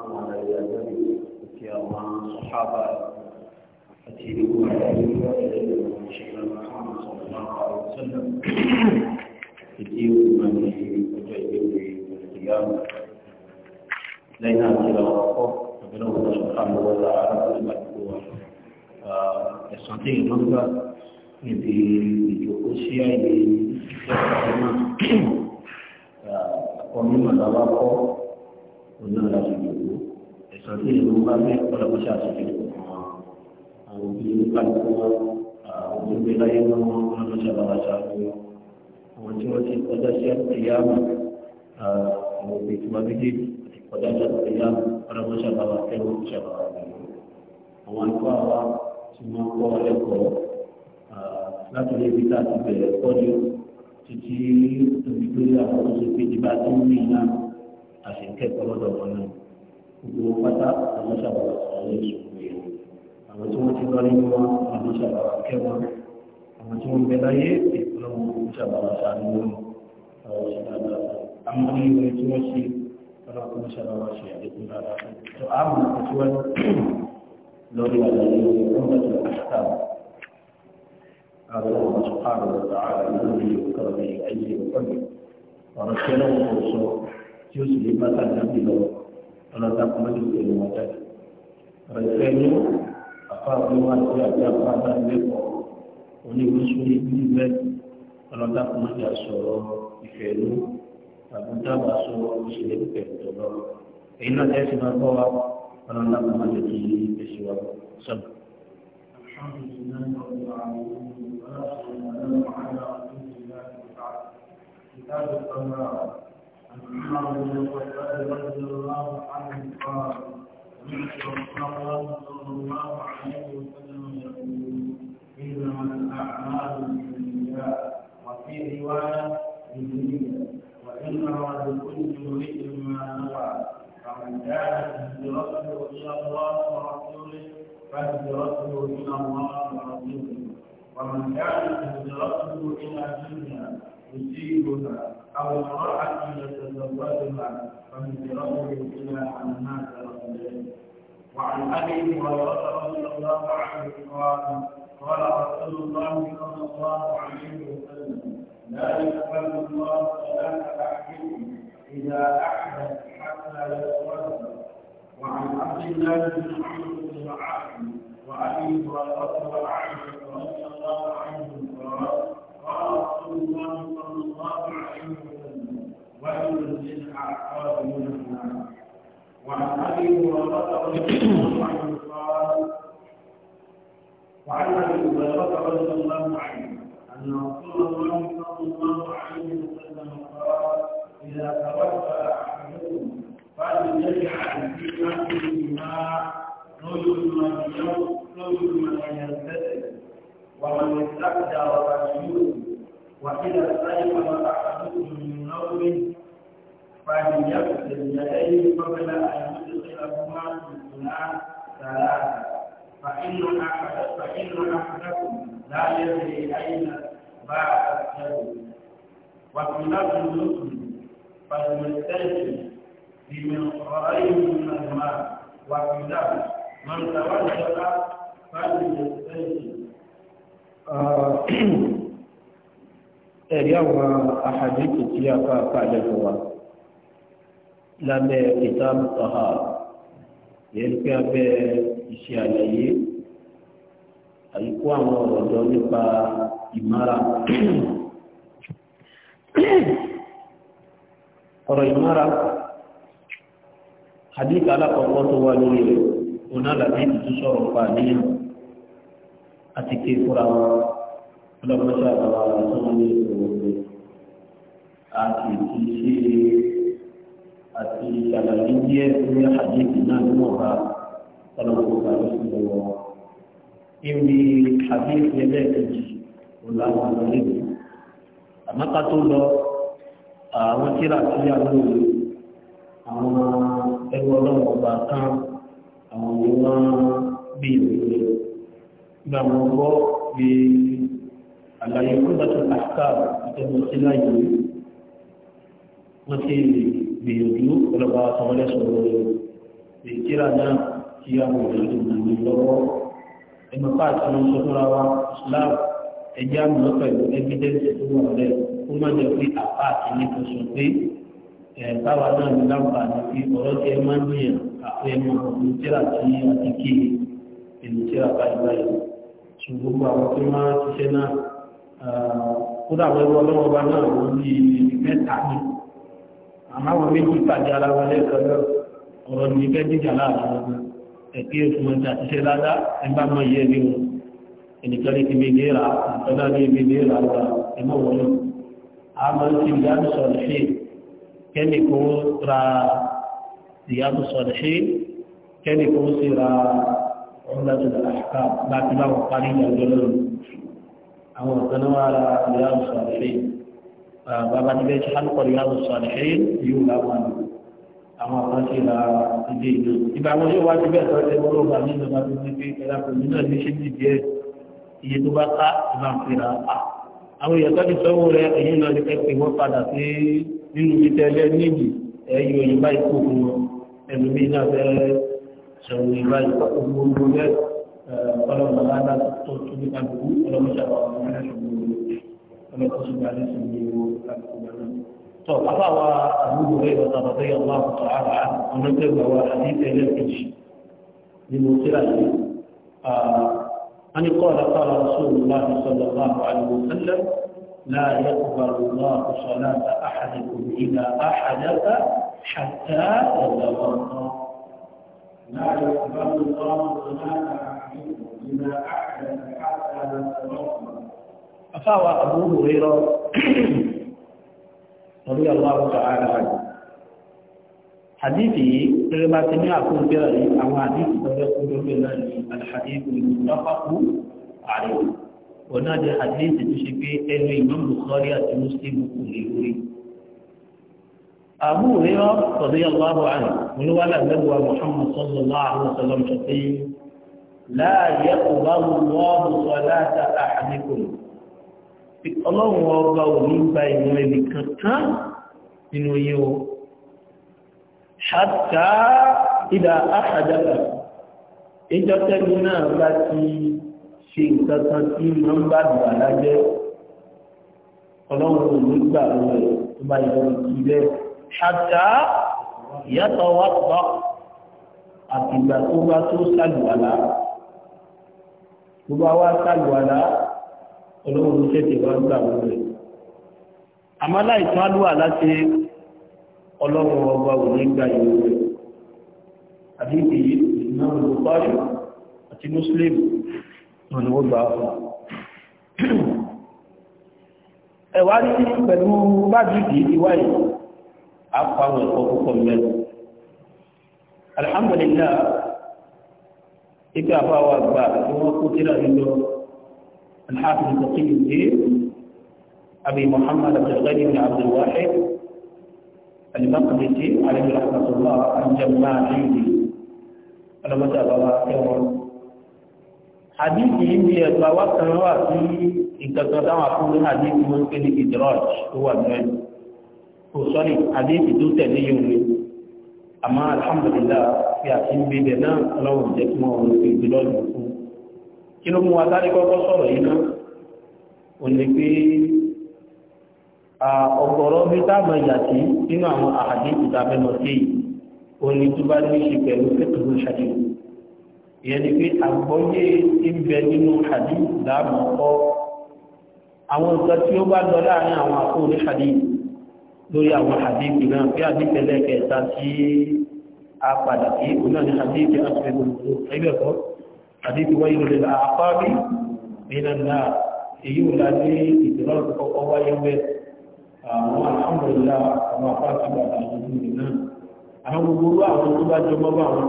fáwọn àlàyé àgbẹ̀bí àti àwọn sọ̀hábà àti ìlú àlàyé ìlú ìṣẹ̀lẹ̀ Muhammad sallallahu alaihi wasallam ìdí òkúta ní ọjọ́ ìgbéwé ìgbéyàwó lẹ́yìn àti ìlànà ọkọ̀ ọ̀gbẹ́rẹ́ òkúta sọ̀hábà wọ́n la arákùnrin àdúgbò wa ẹ̀sán tí ìlú ń gbà níbi ìjòkó sí àyè ìjọba náà ọmọ ìmọ̀ta bá kọ́ ọdún láti jòkó ẹ̀sọ́ tí ìlú bá fẹ́ ọlọ́pọ̀ ṣàṣìṣe àwọn òbí kálukú wọn àwọn òbí láyé wọn ọlọ́pọ̀ ṣàbàbà ṣàfihàn àwọn tí wọ́n ti kọjá sí ẹ̀yàmù àwọn òbí tí wọ́n méjì kọjá sí ẹ̀yàmù ọlọ́pọ̀ ṣàbàbà kẹwọn ṣàbàbà àwọn ikọ́ àwa tí wọ́n kọ́ ẹ̀kọ́ láti lè fi láti bẹ̀rẹ̀ pọ́jú lọ́dọ̀ wọn gbogbo pátá àwọn ṣàbàwà sọ̀rọ̀ ní ìṣòro àwọn tí wọ́n ti lọ nínú wọn àwọn ṣàbàwà kẹwọn àwọn tí wọ́n bẹ láyé ìpolówó ṣàbàwà sáré wọn àwọn ṣàbàwà àmọ́ ní ìwé tí wọ́n ṣe ọlọ́pàá ṣàbàwà ṣe àdékù dáadáa tó àmọ́ àtẹ̀síwájú lórí àlàyé ìpínlẹ̀ àṣàkà أبو الله سبحانه وتعالى بنبي وكرمه أجل وحبه ورسله ورسوله يسلم مثلا نبي له ọlọ́dà kọ́mọ́tò tó lè wọ́n jáde. ni, ìfẹ́ ní àfa àbúrò àti àti àfa àbálẹ́kọ̀ oníwíṣú ní bíi bẹ́ẹ̀ ọlọ́dà kọ́mọ́tò àsọ̀rọ̀ ìfẹ́ ní àbúdáwà sọ ìṣẹ̀lẹ̀ pẹ̀lú ọ̀rọ̀ èyí náà tẹ́sí máa kọ́ wa ọlọ́dà kọ́mọ́tò kì í fèsì wa sọ́nà. الحمد لله رب العالمين والصلاة والسلام على رسول الله وبعد كتاب الصلاة عمر بن الخطاب رضي الله عنه قال رسول الله صلى الله عليه وسلم يقول انما الاعمال بالنيات وفي روايه بالنيه وانما لكل امرئ ما نوى فمن كانت هجرته الى الله ورسوله فهجرته الى الله ورسوله ومن كانت هجرته الى الدنيا يصيبها أو امرأة يتزوجها فمثله إلى أن مات رجلين وعن أبي هريرة رضي الله عنه قال قال رسول الله صلى الله عليه وسلم لا يقبل الله صلاة أحدكم إذا أحدث حتى يتوضأ وعن عبد الله بن عمرو بن العاص وأبي هريرة وعائشة رضي الله عنهم قال قال رسول الله صلى الله عليه وسلم ويل للاعقاب من النار وعن ابي هريره رضي الله عنه قال وعن ابي هريره رضي الله عنه ان رسول الله صلى الله عليه وسلم قال اذا توفى احدكم فليجعل في نفسه ماء رجل مَا يوم رجل من يغتسل ومن استعدى وبشير وإذا استيقظ أحدكم من نومه فليغسل يديه قبل أن يدخلهما في الإناء ثلاثة فإن أحد فإن أحدكم لا يدري أين باعت الشر وفي لفظ مسلم فليستجب بمنقرين من الماء وفي لفظ من توجه فليستجب Ah, ẹ̀rí àwọn àhàdìkì tí a ká kálẹ̀ fún wa lábẹ́ ìtàbù tọ́hà yẹn pé abẹ́ iṣẹ́ àlàyé àyíkú àwọn ọ̀rọ̀dọ́ nípa ìmára ọ̀rọ̀ ìmára àdìkà alákọ̀ọ́kọ́ tó wà lórí rẹ̀ òun náà làbí ìtúsọ̀rọ̀ pa níyàn àti ké fúnra wọn ọlọ́mọṣẹ́ àbáwá rẹ̀ tó wọ́n ní ìṣòro pé a sì ti ṣe àti ìṣàlàyé díẹ̀ lórí àdéhùn náà ní wọ́n bá ọlọ́mọṣẹ́ àbáwá sí wọn. Ibi àdéhùn ẹlẹ́ẹ̀kejì ọ̀la wọn àmọ́ká tó lọ àwọn tíra tí a lò lè àwọn ẹgbẹ́ ọlọ́run kan àwọn ni wọ́n ìwé nígbà mo gbọ́ pé àlàyé kúndàtún àṣkáàbù ìtẹ́mọ̀ sí láyé wọ́n ti lè gbìyànjú ọlọ́ba àtọmọlẹ́sọ̀rọ̀ rẹ̀ tíra náà tí a mọ̀ lórí ìlú lọ́wọ́ ẹgbẹ́ pàtó ń sọ fúnra wa Islam ẹjẹ́ àmọ́ pẹ̀lú evidence tó wà rẹ̀ ó má jẹ́ pé àpá àti nípa sọ pé báwa náà ní láǹfààní pé ọ̀rọ̀ tí ẹ máa ń yàn àpò ẹ̀mọ́ tíra tí a ti kí ìlú tíra báyìí báyìí ṣùgbọ́n gbogbo àwọn tí wọ́n ṣiṣẹ́ náà ah, kódà wọ́n ọlọ́wọ́ bá náà wọ́n ní mẹ́ta ní àmáwọn méjì pàdé ara wọn lẹ́ẹ̀kan náà ọ̀rọ̀ ní ìfẹ́ jíjà láàrin wọn ẹ̀kí ètò wọn ta ṣiṣẹ́ ládá ẹgbà mọ́ iye ní wọn ẹnìkan ní ti mi ní ra àtọ́lá ní ibi ní ra wa ẹmọ wọn lọ a máa ti ìyá sọ̀rọ̀ ṣe kẹ́ni kó ra ìyá sọ̀rọ̀ ṣe kẹ́ni kó sì ra عملة الأحكام بعد ما هو قليل الجلول أو القنوة على رياض الصالحين بابا نبيت حلق رياض الصالحين يولى وانا أما قاتل الدين إبا وجه واجبات ويقولوا بعدين ما تبني في كلام من المشي الجديد يتبقى إمام قراءة أو يتبقى سوره أين لكي وقع في من يتجنب أيوة يبقى يكون ẹlòmíì náà fẹ́ sẹ̀wọ̀n ìgbà ìgbà ògbó ògbó bẹ́ẹ̀ ọlọ́run aláàdá tó tó ní kálukú ọlọ́run ṣàwọn ọmọ ẹlẹ́sìn gbogbo ọlọ́run tó ṣùgbọ́n alẹ́ sìn ní ìwò kálukú gbàgbọ́. tọ́ apá wa àbúrò rẹ̀ ìwọ̀n tàbá tó yẹ wọ́n àkùtọ̀ ara ọ̀nàtẹ̀gbà wa àdífẹ́ ẹlẹ́kẹ̀jì ni mo kíra yìí أن قال قال رسول الله صلى الله عليه وسلم لا يقبل الله صلاة أحدكم إذا أحدث حتى يتوضأ لا يقبل الله صلاة أحدكم إذا أحدث حتى يتوضأ أفاوى أبو هريرة رضي الله تعالى عنه حديثي لما سمع أقول جاري أو حديث يقول بالله الحديث المتفق عليه ونادي حديث تشبه أنه إمام بخاري مسلم كل يوري Abu Hurairah radiyallahu anhu olúwàlà lẹ́wọ̀ Muhammad sallallahu alaihi wasallam sọ pé la yaqbalu Allahu salata ahadikum ọlọ́run ọba ò ní gba ìwọ̀n ẹni kankan nínú yí o ṣàtà ìdá àṣàjára ìjọ tẹ́lú náà bá ti ṣe ìkankan tí wọ́n bá dùbà lájẹ́ ọlọ́run ò gbà lọ́wọ́ tó bá yọ ìbẹ́ ṣàtà ìyàtọ̀ wà tọ́ àtìgbà tó bá tó sàlùwàlá tó bá wá sàlùwàlá olóhùn ló ṣètì wá gbà wọ́n rẹ̀ àmọ́ láìsàn àlùwàlá ṣe ọlọ́run ọba ò ní gbà yìí rẹ̀ àdínkì ìnáwó bukari àti muslim náà ni wọ́n gbà fún ẹ̀wá ní pẹ̀lú bájìdì ìwáyìí akọ àwọn ẹ̀kọ́ púpọ̀ mẹ́rin alhamdulillah ikú àbáwọ̀ àgbà tí wọ́n kú tíra nílò alhafiz taqiyuddin abi muhammad abdulghani bin abdulwahid al-maqdisi alayhi rahmatullah al-jamma'i ọlọ́mọdé àbáwọ̀ ẹ̀wọ̀n hadithi ní ẹgbàá wákàtí wà sí ìgbàgbọ́ táwọn afúnni hadithi wọn pé ní ìdírọ́ọ̀jì tó wà lẹ́yìn kò sọ́rí àdéhùn tó tẹ̀lé yóò rí àmọ́ alhamdulillah fi àti ń gbébẹ̀ náà ọlọ́run jẹ́ kí wọ́n rí ìgbé lọ́dún fún kí ló mú wa sáré kọ́kọ́ sọ̀rọ̀ yìí náà ò ní pé ọ̀gọ̀rọ̀ bí táàmù ìyà sí nínú àwọn àdéhùn tá a fẹ́ sí yìí ò ní tó bá ní ṣe pẹ̀lú fẹ́tùrú ṣàdéhùn ìyẹn ni pé àgbọ́yé ti ń bẹ nínú àdéhùn dáàmú kọ́ àwọn nǹkan tí ó bá lọ láàrin àwọn àkóò ní lórí àwọn àdíkù náà bí àdíkù ẹlẹ́kẹta tí a padà sí òun náà ni àdíkù àṣẹ́gbò ẹgbẹ̀kọ́ àdíkù wáyé lórí àpáàbí ìrìnàlá èyí ò láti ìtìlọ́rọ̀ kọ́kọ́ wáyé wẹ́ àwọn àmọ̀lá àwọn apáàkì bàbá ìlú náà àwọn gbogbo àwọn tó bá jọmọ bá wọn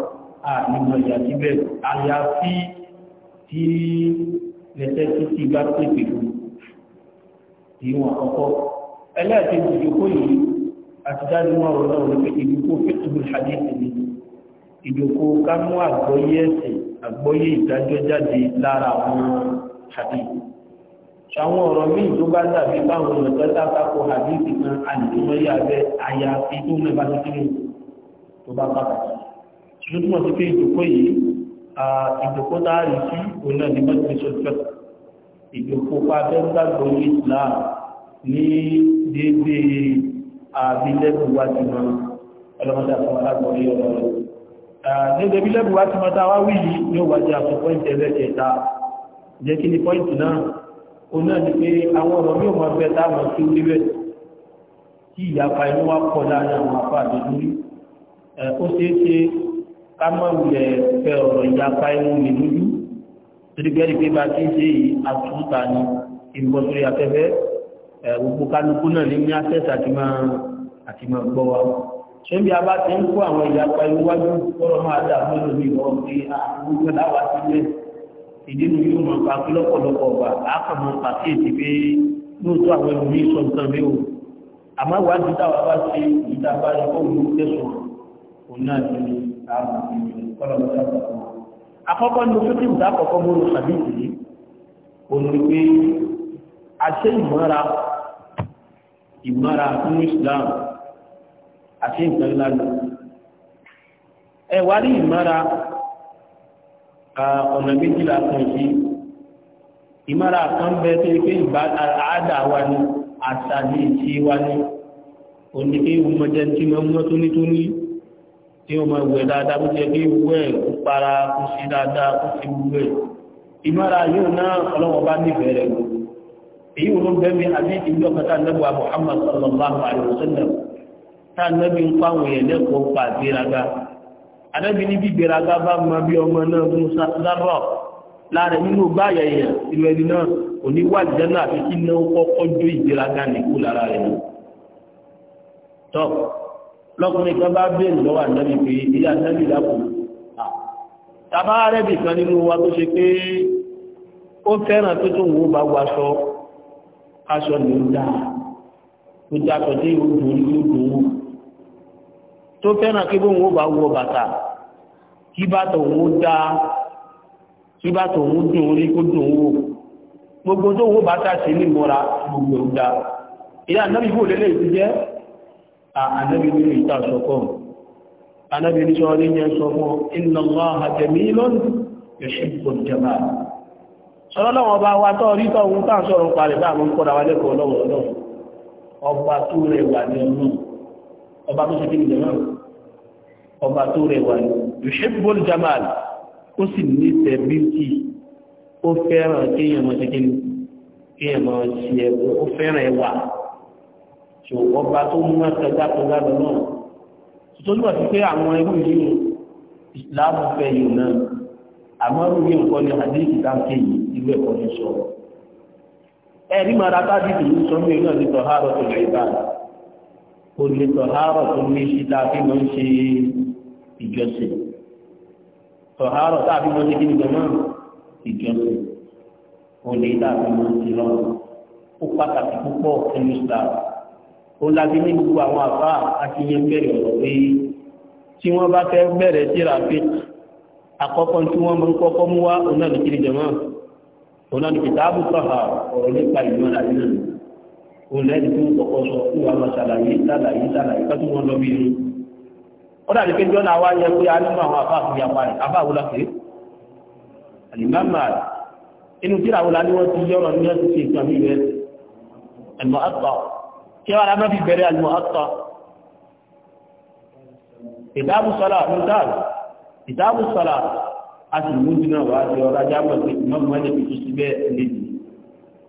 àìmọ̀ ìyà síbẹ̀ ẹlẹ́ẹ̀kejì ìjókòó yìí àti dájú mọ́ ọ̀rọ̀ náà wípé ìjókòó fẹ́tùbù hadithi ni ìjókòó ká mú àgbọ́yé ẹ̀sìn àgbọ́yé ìdájọ́ jáde lára àwọn hadithi ṣàwọn ọ̀rọ̀ míì tó bá dàbí báwọn ọ̀rọ̀ tó dákàkọ hadithi kan àdìmọ́ yà bẹ́ aya fi tó mẹ́ bá kékeré tó bá pàtàkì ṣùgbọ́n túmọ̀ sí pé ìjókòó yìí ìjókòó tá rí sí òun náà ní mọ́tò ìṣòfẹ́ ìjókòó pa abẹ́ gbàgbọ́ Islam ní dédé àbílẹ́bù wá ti mọ́ ọlọ́mọdé àfọwọ́ alágbọ̀nrí ọ̀rọ̀ rẹ̀ dédé bílẹ́bù wá ti mọ́ tá wá wí yìí ní ó wájá àfọ pọ́ìntì ẹlẹ́kẹta jẹ́ kí ni pọ́ìntì náà ó náà ni pé àwọn ọ̀rọ̀ mí ò mọ bẹ táwọn tí ó níbẹ̀ tí ìyapa inú wa pọ̀ láàrin àwọn afọ àdéjúrí ó ṣeé ṣe ká mọ̀ wulẹ̀ fẹ́ ọ̀rọ̀ ìyapa inú mi lójú torí pé bá ti ń ṣe yìí àtúntà ni ìbọ̀sọ̀rọ̀ afẹ́fẹ́ gbogbo kálukú náà ní ní access àti máa àti máa gbọ́ wa ṣébi abá ti ń kó àwọn ìyapa iwájú kọ́rọ̀ máa dà lórí mi wọ́n fi àgbógbó láwa sílẹ̀ ìdí nu yóò máa pa pé lọ́pọ̀lọpọ̀ ọ̀gbà àákàn máa pa sí èsì pé lóòótọ́ àwọn ẹ̀rù mi sọ nǹkan mi ò àmọ́ ìwádìí táwa bá ní ààbò ìmára fún Islam àti nǹkan lánà ẹ wá rí ìmára ọ̀nà méjìlá kan sí ìmára kan bẹ tó pé ìbá àádà wa ni àtàlẹ́ ìṣe wa ni òní pé ìwúmọ̀jẹ́ tí wọ́n mọ́ tónítóní tí ó máa wẹ̀ dáadáa bó jẹ́ bí wẹ̀ ó para kó sí dáadáa kó sí wẹ̀ ìmára yóò náà ọlọ́wọ́ bá nífẹ̀ẹ́ rẹ̀ gbogbo èyí wò ló bẹ́ẹ̀ mi àbí ìjọ kata nẹ́bù Muhammad sallallahu alayhi wa sallam tá nẹ́bí ń fáwọn èèyàn lẹ́kọ̀ọ́ pa àgbéraga anábì níbi ìgbéraga bá ma bí ọmọ náà mú sárọ̀ láàrẹ nínú báyà èèyàn ìlú ẹni náà kò ní wà jẹ́nà àti kí náà kọ́kọ́ jó ìgbéraga nìkú lára rẹ̀ nù. tọ́ lọ́kùnrin kan bá bẹ́ẹ̀ lọ́wọ́ ànábì pé ilé ànábì lápò tàbá rẹ̀ bìkan nínú wa tó ṣe pé ó fẹ́ràn tó tó wò bá wa sọ aṣọ ló dáa ó dáa tọ́jú yóò dùn yóò dùn ún tó fẹ́ràn kí bóun ó bá wọ bàtà kí bàtà òun ó dáa kí bàtà òun ó dùn ún kó dùn wò gbogbo tó wọ́n bàtà sí ní ìmọ̀ra gbogbo ó dáa ìyá ànábì bò lélẹ̀ ìtú jẹ́ ànábì ní ìta sọ́kọ̀ ànábì ní sọ́ọ́ ní yẹn sọ fún inna Allaha jamilun yuhibbu al-jamal ọlọ́lọ́wọ́ bá wa tọ́ rí tọ́ ohun tá à ń sọ̀rọ̀ parẹ̀ bá àwọn kọ́ra wa lẹ́kọ̀ọ́ lọ́wọ́ ọlọ́run ọba tó rẹ̀ wà ní ọlọ́run ọba tó ṣe kí nìyẹn náà ọba tó rẹ̀ wà ní yuhibbul jamal ó sì ní tẹ̀ bíútì ó fẹ́ràn kéèyàn mọ̀ ṣe kí ni kéèyàn mọ̀ ṣe ẹ̀kọ́ ó fẹ́ràn ẹwà tó ọba tó mú ẹ̀kẹ́gbá tó gbá lọ náà tó tó lùwà sí pé àwọn ẹrú yìí ìsìlámù fẹ́ yìí náà àmọ́ lórí nǹkan ní àdéhìkì táǹkì yìí irú ẹ̀kọ́ ní sọ ẹ̀rí mara tábí tìlú sọ mí náà ní tọ̀hárọ̀ tó lè bá o lè tọ̀hárọ̀ tó ní ṣe tàbí mọ́ ń ṣe ìjọsìn tọ̀hárọ̀ tàbí mọ́ ṣe kíni gan ìjọsìn o lè tàbí mọ́ ń ṣe lọ́wọ́ ó pàtàkì púpọ̀ nínú islam ó láti ní gbogbo àwọn àbá àti yẹn bẹ̀rẹ̀ ọ̀rọ̀ pé tí wọ́n bá fẹ́ bẹ̀rẹ̀ síra fíkì àkọ́kọ́ tí wọ́n mọ́ kọ́kọ́ mú wá ọ̀nà nìkiri jẹ̀mọ́ ọ̀nà nìkìtàbù tọ́ha ọ̀rọ̀ nípa ìmọ̀ra nínú òun lẹ́ni tó ń kọ́kọ́ sọ fún wa ṣàlàyé ṣàlàyé ṣàlàyé kọ́ tí wọ́n lọ bí inú ó dàbí pé jọ́nà wá yẹ pé a nínú àwọn afá àfihàn apá rẹ̀ afá àwòlá pé àlìmáàmà inú tíra àwòlá ni wọ́n ti yọ̀rọ̀ ní ọ̀sẹ̀ ṣe ìtàn ní ìrẹ́ àtọ̀ kìtàbù sọ̀rọ̀ a sì mú jù náà wá sí ọ̀rọ̀ ajá mọ̀ pé ìmọ̀mù wọn lè fi tó síbẹ̀ lè jù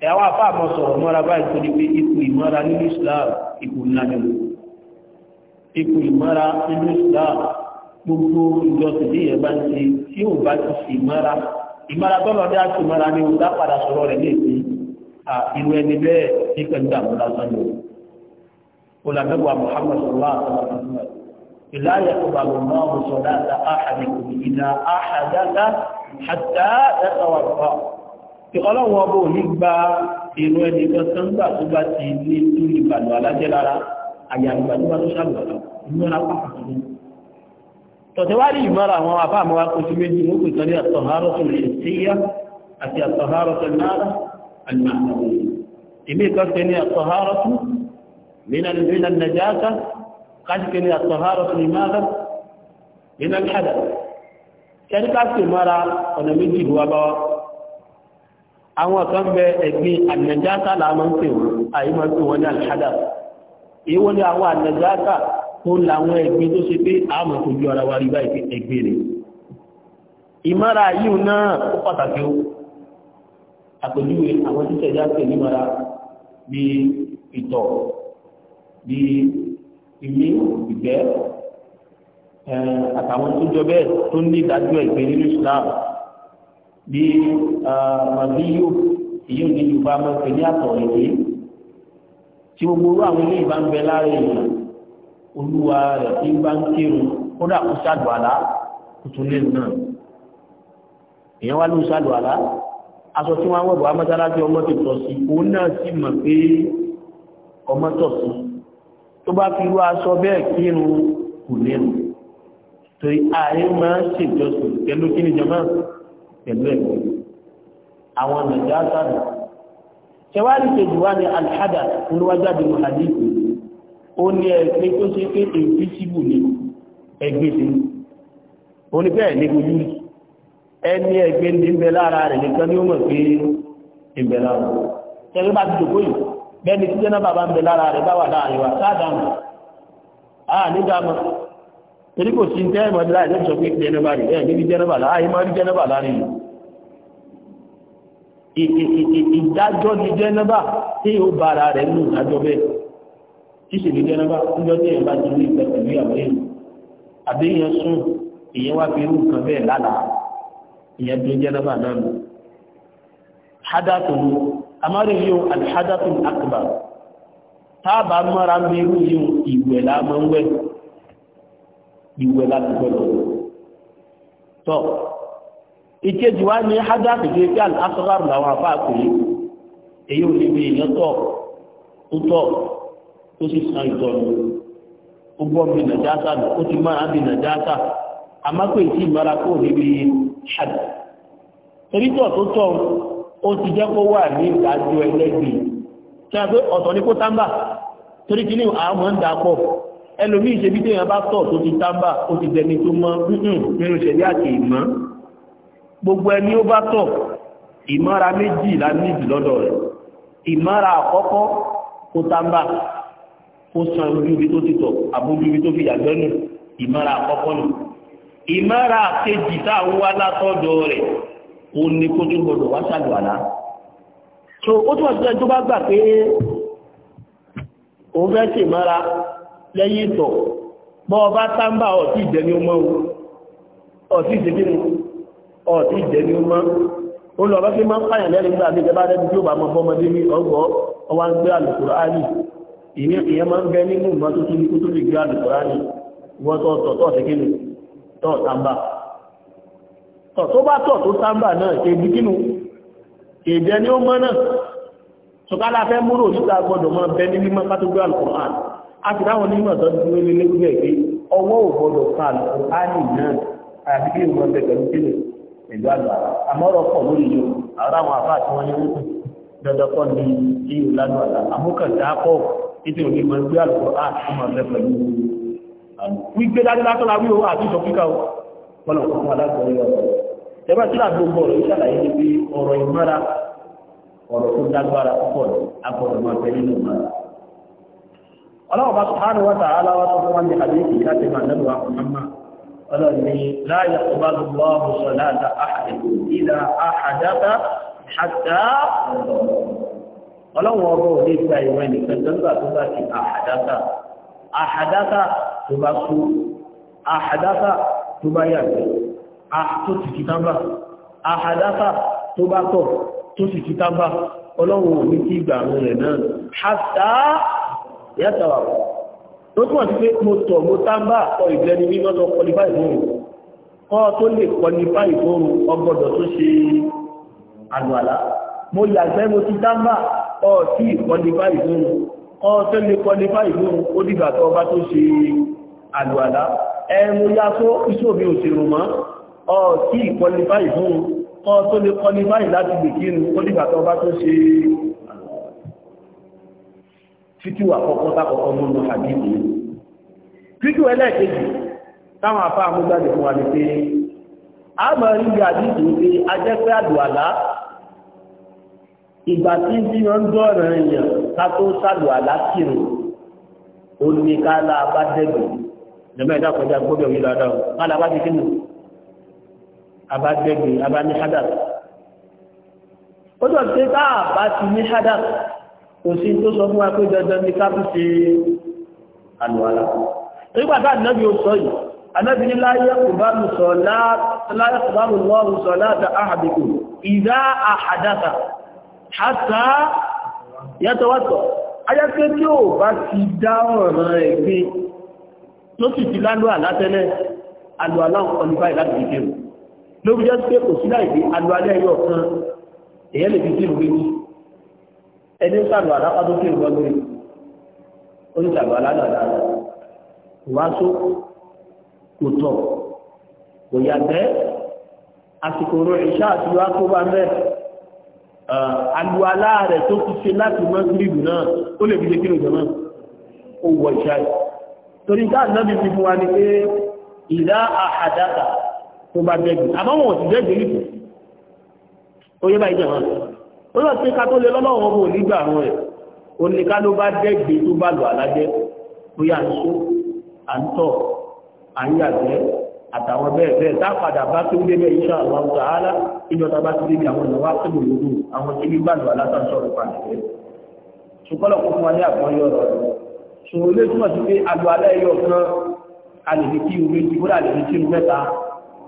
ẹ wá fà mọ́ sọ̀rọ̀ mọ́ra báyìí tó ní pé ipò ìmọ̀ra nínú Islam ipò ńlá nínú ipò ìmọ̀ra nínú Islam gbogbo ìjọsìn bí ìyẹn bá ń ṣe tí ò bá ti ṣe ìmọ̀ra ìmọ̀ra tọ́lọ́ dé àti ìmọ̀ra ni ó dá sọ̀rọ̀ rẹ̀ léèkì لا يقبل الله صلاة أحدكم إذا أحدث حتى يتوضأ ìkọlọ́wọ́ ọbọ̀ òní gba èrò ẹni kan tán gbà tó bá ti ní tó lè bàlù alájẹ́ lára àyàgbà tó bá tó ṣàlùwàlá ìmọ́ra pàtàkì tọ̀tẹ̀wárí ìmọ́ra àwọn apá àmọ́wá kò sí méjì mú ní àtọ̀hárọ̀tò ìṣẹ́síyá àti àtọ̀hárọ̀tò náírà àlùmáàmù ìmí káṣíkẹ́ ní àtọ̀hárọ̀ sí ìmáàrẹ̀ iná kádà kẹ́rí káṣíkẹ́ mara ọ̀nà méjì ìhùwà bá wa àwọn kan bẹ ẹ̀gbin ànàjáta làwọn ń pè wọ́n àyí máa pè wọ́n ní àlhádà èwo ni àwọn ànàjáta tó làwọn ẹ̀gbin tó ṣe pé àmọ̀ tó ju ara wa rí báyìí ẹ̀gbin rẹ̀ ìmára yìí náà ó pàtàkì ó àpèjúwe àwọn títẹ̀ jáde nímara bíi ìtọ̀ bíi èyí ìgbẹ́ àtàwọn tó jọ bẹ́ẹ̀ tó ní ìdájọ́ ìgbé nínú Islam bí màbíyò èyí ò ní Yorùbá mọ́pẹ́ ní àtọ̀ ìwé tí gbogbo orú àwọn ilé ìbá ń bẹ lára èèyàn olúwa rẹ̀ tí ń bá ń kírun kódà kó ṣàdù àlá kó tún lé náà èèyàn wá ló ṣàdù àlá aṣọ tí wọ́n wọ̀ bọ̀ amọ́sáláṣí ọmọ ti tọ̀ sí òun náà sì mọ̀ pé ọmọ tọ̀ sí tó bá fi wá aṣọ bẹ́ẹ̀ kírun kò lérò torí ààrẹ máa ń ṣèjọsìn pẹ̀lú kí ni jọmọ́ pẹ̀lú ẹ̀kọ́ àwọn nàìjíríà sábà ṣẹwárí kejì wá ní alhada olúwájáde mohadiku ó ní ẹgbẹ́ tó ṣe pé invisible ni ẹgbẹ́ ti ó ní bẹ́ẹ̀ ní ojú rí ẹni ẹgbẹ́ ní ń lára rẹ̀ nìkan ni ó mọ̀ pé ń lára rẹ̀ ṣẹlẹ́ bá ti dòkó yìí bẹ́ẹ̀ni tí jẹ́nà bàbá ń bẹ lára rẹ̀ bá wà láàrin wa sáàdámù àà nígbàmọ́ torí kò sí ń tẹ́ẹ̀mọ́ láì lẹ́bí sọ pé jẹ́nàbà rí ẹ̀ níbi jẹ́nàbà láàrin máa rí jẹ́nàbà láàrin ìdájọ́ ni jẹ́nàbà tí ó bá ara rẹ̀ ní ìdájọ́ bẹ́ẹ̀ kí sì ní jẹ́nàbà níjọ́ tí èèyàn bá ti rí ìgbà pẹ̀lú àmárì yíò alhadathul akbar táàbà mọ́ra ń bẹ̀rù yíò ìwẹ̀lá mọ́ ń wẹ̀ ìwẹ̀lá ti gbọ́dọ̀ tọ́ ìkejì wá ní hadath ìgbé pé al-asghar làwọn afá pè é èyí ò ní bí èèyàn tọ̀ tó tọ̀ tó sì san ìtọ́nu ó ti jẹ́ kó wà ní ìdájọ́ ẹlẹ́gbẹ̀ẹ́ ṣe àgbé ọ̀tọ̀ ní kó tábà torí kí ní àmọ́ ń dapọ̀ ẹlòmíì ṣe bí téèyàn bá tọ̀ tó ti tábà ó ti dẹni tó mọ́ nínú ìṣẹ̀lẹ̀ àti ìmọ̀ gbogbo ẹni ó bá tọ̀ ìmọ̀ra méjì la nídìí lọ́dọ̀ rẹ̀ ìmọ̀ra àkọ́kọ́ kó tábà kó san ojú ibi tó ti tọ̀ àbójú ibi tó fi yàgbẹ́ nù ìmọ̀ra àkọ́kọ́ nù ìmọ̀ra kejì táwọn wá látọ̀dọ̀ rẹ̀ ó ní kó tó gbọdọ̀ wá ṣàlùwàlá so ó tún àti ẹjọ́ bá gbà pé òun fẹ́ sì mọ́ra lẹ́yìn ìtọ̀ bọ́ ọba tábà ọ̀tí ìjẹni ọmọ ọ̀tí ìjẹni ọ̀tí ìjẹni ọmọ ó lọ bá fi máa ń pààyàn lẹ́rin gbà bíi ẹbá rẹ́bí tí ó bá mọ fọmọdé ní ọgbọ́ ọwá ń gbé àlùkùránì ìní ìyẹn máa ń bẹ nínú ìmọ́tótó ní kó tó lè gbé àlùkùránì wọ́n tọ́ tọ́ tọ́ sí kí ni tọ́ tábà tọ̀ tó bá tọ̀ tó sáńbà náà kèbí kínú kèjẹ ni ó mọ́ náà ṣùgbọ́n afẹ́ múrò nígbà gbọ́dọ̀ mọ́ bẹ ní mímọ́ pátógbé alùpùpù a ti ráwọn onímọ̀ tó dúró lé lẹ́gbẹ̀ẹ́ pé ọwọ́ ò gbọ́dọ̀ pa alùpùpù náà àti kí ìwọ̀n bẹ pẹ̀lú kílò pẹ̀lú àgbà àmọ́rọ̀ pọ̀ lórí yóò àwọn àwọn afá tí wọ́n ní wọ́n dandan kọ́ ní iyò lánàá àlá àmúkàndá pọ̀ tẹ́bá tí láti gbogbo ọ̀rọ̀ ìṣàlàyé ni pé ọ̀rọ̀ ìmára ọ̀rọ̀ tó dágbára púpọ̀ ní agbọ̀rọ̀ máa tẹ̀lé ní ìmára. ọlọ́wọ́ bá sọ̀hánù wá tààlà wá tó fún wọn ní àdéhùn láti máa lẹ́nu wa fún mamma ọlọ́ni láyé ọba lọ́wọ́ sọ̀láta àhàdẹ́kù ìlà àhàdáta àtà ọlọ́wọ́ ọba ò tó ti kìtà bá àhàdáfà tó bá tọ̀ tó ti kìtà bá ọlọ́run ò ní kí ìgbà àwọn rẹ̀ náà hàtà yàtàwà tó túnmọ̀ sí pé mo tọ̀ mo tábà ọ ìgbẹ́ni mímọ́ lọ kọlíbá ìfóòrùn kọ́ tó lè kọlíbá ìfóòrùn ọgbọ́dọ̀ tó ṣe àlùwàlá mo yàgbẹ́ mo ti tábà ọ tó lè kọlíbá ìfóòrùn ó tó ṣe àlùwàlá ẹ mo yá tó mọ́ ọ̀tí ìkọlifáì fún ọ tó lè kọlifáì láti lè kí inú kọlifà tó bá tó ṣe fíkí wà kọ́kọ́ sákọ̀ọ́kọ́ mú lọ àdíkù fíkí wẹ́ lẹ́ẹ̀kejì táwọn afá amúgbàdì fún wa ní pé a mọ̀ rí bí àdíkù pé a jẹ́ pé àdùàlá ìgbà tí bí wọ́n ń dọ́ọ̀rọ̀ èèyàn ká tó sàdùàlá kírun ó ní ká lábá dẹ́gùn lẹ́mẹ̀ẹ́dá kọjá gbọ́dọ̀ yìí lọ́dọ̀ ká lábá ti abágbẹ́gbé abáni hadar ó tọ́ pé tá a bá ti ní hadar kò sí tó sọ fún wa pé dandan ní ká fi ṣe àlùwàlá nígbà tá ànábì ó sọ yìí ànábì ní láyé kùbánu sọ láyé kùbánu lọ́rùn sọ láta àhàbìkù ìdá àhàdáta hátà yàtọ̀wàtọ̀ ayẹ́kẹ́ tí ó bá ti dá ọ̀ràn ẹ̀gbin tó sì ti lálọ́ lórí jẹ́ pé kò sí láìpé alùpàdé ẹ̀yọ̀ kan èyẹ́ lè fi sí ìlú méjì ẹni ń sàlù àlápá tó fi ìwọ lórí ó ń sàlù aládà dáadáa kò wá só kò tọ̀ kò yàgbẹ́ àsìkò oró ìṣá àti wá tó bá mẹ́ alùpàdá rẹ̀ tó ti ṣe láti mọ́ gírìbù náà ó lè fi ṣe kírò jọmọ́ ó wọ ìṣá yìí torí táà náà fi fún wa ni pé ìdá àhàdáta tó bá dẹ́gbì àmọ́ wọn ò sì dẹ́gbì yìí tó yé báyìí jẹ̀wọ́n ó lọ sí ká tó lé lọ́lọ́wọ́ bò nígbà àwọn rẹ̀ ó ní ká ló bá dẹ́gbì tó bá lò àlájẹ́ bóyá à ń só à ń tọ̀ à ń yàgbẹ́ àtàwọn bẹ́ẹ̀ bẹ́ẹ̀ tá padà bá tó dé bẹ́ẹ̀ iṣẹ́ àwọn ọ̀tà ààlà ìjọba bá ti débi àwọn ìnáwó àtẹ̀wò lódò àwọn tí nígbà lò àlá ṣùgbọ́n ọkọ̀ fún wa ní àgbọ́yọ̀ rọ̀ ṣòro lé a lè fi kí irun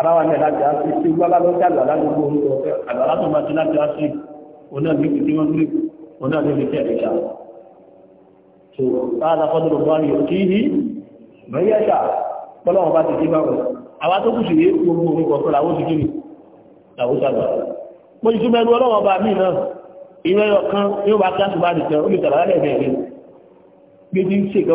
àbáwá ní ẹ̀láti àṣì tí ó gbábá lọ́sí àgbàlá gbogbo orúkọ ọ̀fẹ́ àgbàlá tó máa ti láti àṣì oná ní ìdí wọn gbé oná ní orí tẹ̀lé ṣá. so báyà fọ́dún ló bá yọ kí ní bẹ́yẹ̀ ṣá pọ́lọ́ wọn bá ti dé báwọn àwa tó kù sí yé gbogbo orúkọ ọ̀fẹ́ làwọn ti kí ni làwọn ṣàgbà. mo ti túmọ̀ ẹnu ọlọ́wọ́n bá mí náà ìwé ọ̀kan yóò bá kíláàsì bá nìkan ó lè tàbá lẹ́ẹ̀mẹ́rin gbèdé ń ṣèkọ́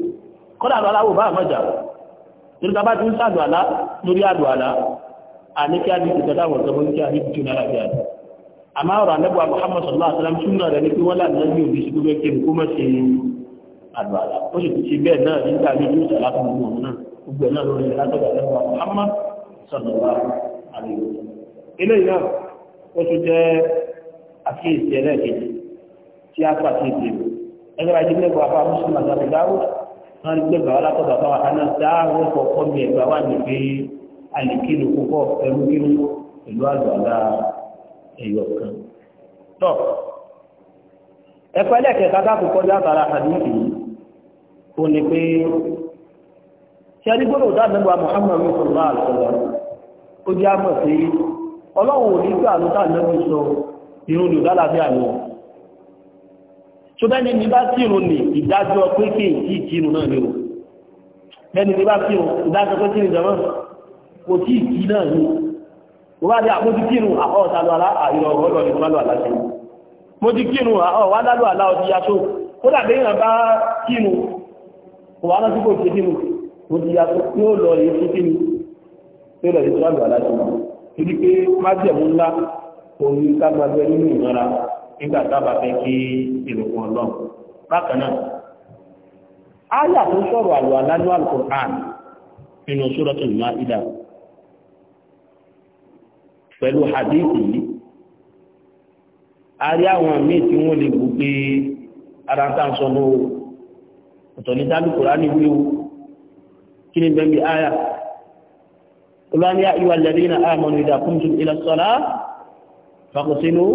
kọ́lá àlọ́ aláwò bá àmọ́jà torí bá bá ti ń sàdù àlá lórí àdù àlá àníkí àdìsí tọ́lá wọ̀ sọ́mọ́ ní kí àdìsí tún lára bí àdì àmá ọ̀rọ̀ anẹ́bùwà Muhammad sallallahu alaihi wasallam súnà rẹ̀ ní pé wọ́n láti lẹ́yìn òbí sí gbogbo ẹkẹ́ kó mọ́ sí àdù àlá ó sì ti ṣe bẹ́ẹ̀ náà nígbà ní ìlú ìsàlá fún gbogbo náà gbogbo náà lórí látọ̀dọ̀ anẹ́bùwà Muhammad sallallahu alaihi wasallam eléyìí náà ó tún jẹ́ àkíyèsí ẹlẹ́ẹ̀kejì tí a pàṣẹ ìdìbò ẹgbẹ́ ajé wọ́n gbé bàbá látọ̀dọ̀ fáwọn àná dáhùn kọ̀ọ̀kan mi ẹ̀gbà wà ní pé alìkínu púpọ̀ ẹrú kínú pẹ̀lú àgbàlá ẹ̀yọ̀ kan. tọ́ ẹ̀kọ́ ẹlẹ́kẹ̀ẹ́ta dákò kọjá tara àdúgbò ó ní pé ṣẹ́rí gbọ́dọ̀ dáadáa Muhammadu sọ̀rọ̀ àlùfọ́lá ó jẹ́ àmọ̀ sí ọlọ́run ò ní gbà ló dáadáa sọ irun lò lálàáfíà lọ tó bẹ́ẹ̀ ni mi bá kírun ní ìdájọ́ pé kí èyí kírun náà ni o bẹ́ẹ̀ni mi bá kírun ìdájọ́ pé kírun jọmọ́ kò tí ì kí náà ni mo bá dé àpótí ah, kírun àkọ́ ah, ọ̀tá a ah, alá àyọ̀ ọ̀rọ̀ ni mo bá lọ àlá sí mo ti kírun àkọ́ da lálọ́ àlá ọtí yàtọ̀ ó dàbí ìrìn bá kírun kò o lọ́sí kò kéde mu mo ti yàtọ̀ pé ó lọ rèé fún kírun pé ó lọ rèé fún àlọ́ àlá sí torí pé májẹ̀mú ńlá òun ká gbàgbé nínú ìmọ̀ra nígbà tábà fẹ́ kí ìlòkùn ọlọ́run bákan náà áyà tó sọ̀rọ̀ àlọ́ alánú alukur'an nínú suratul Maida pẹ̀lú hadithi yìí a rí àwọn míì tí wọ́n lè bú pé ara ń tàn sọ́nà o ọ̀tọ̀ ní tálùkùrá ní wíwú kí ni bẹ́ẹ̀ bí áyà olùwàní ayyuhal ladhina amanu idha qumtum ila as-salati faghsilu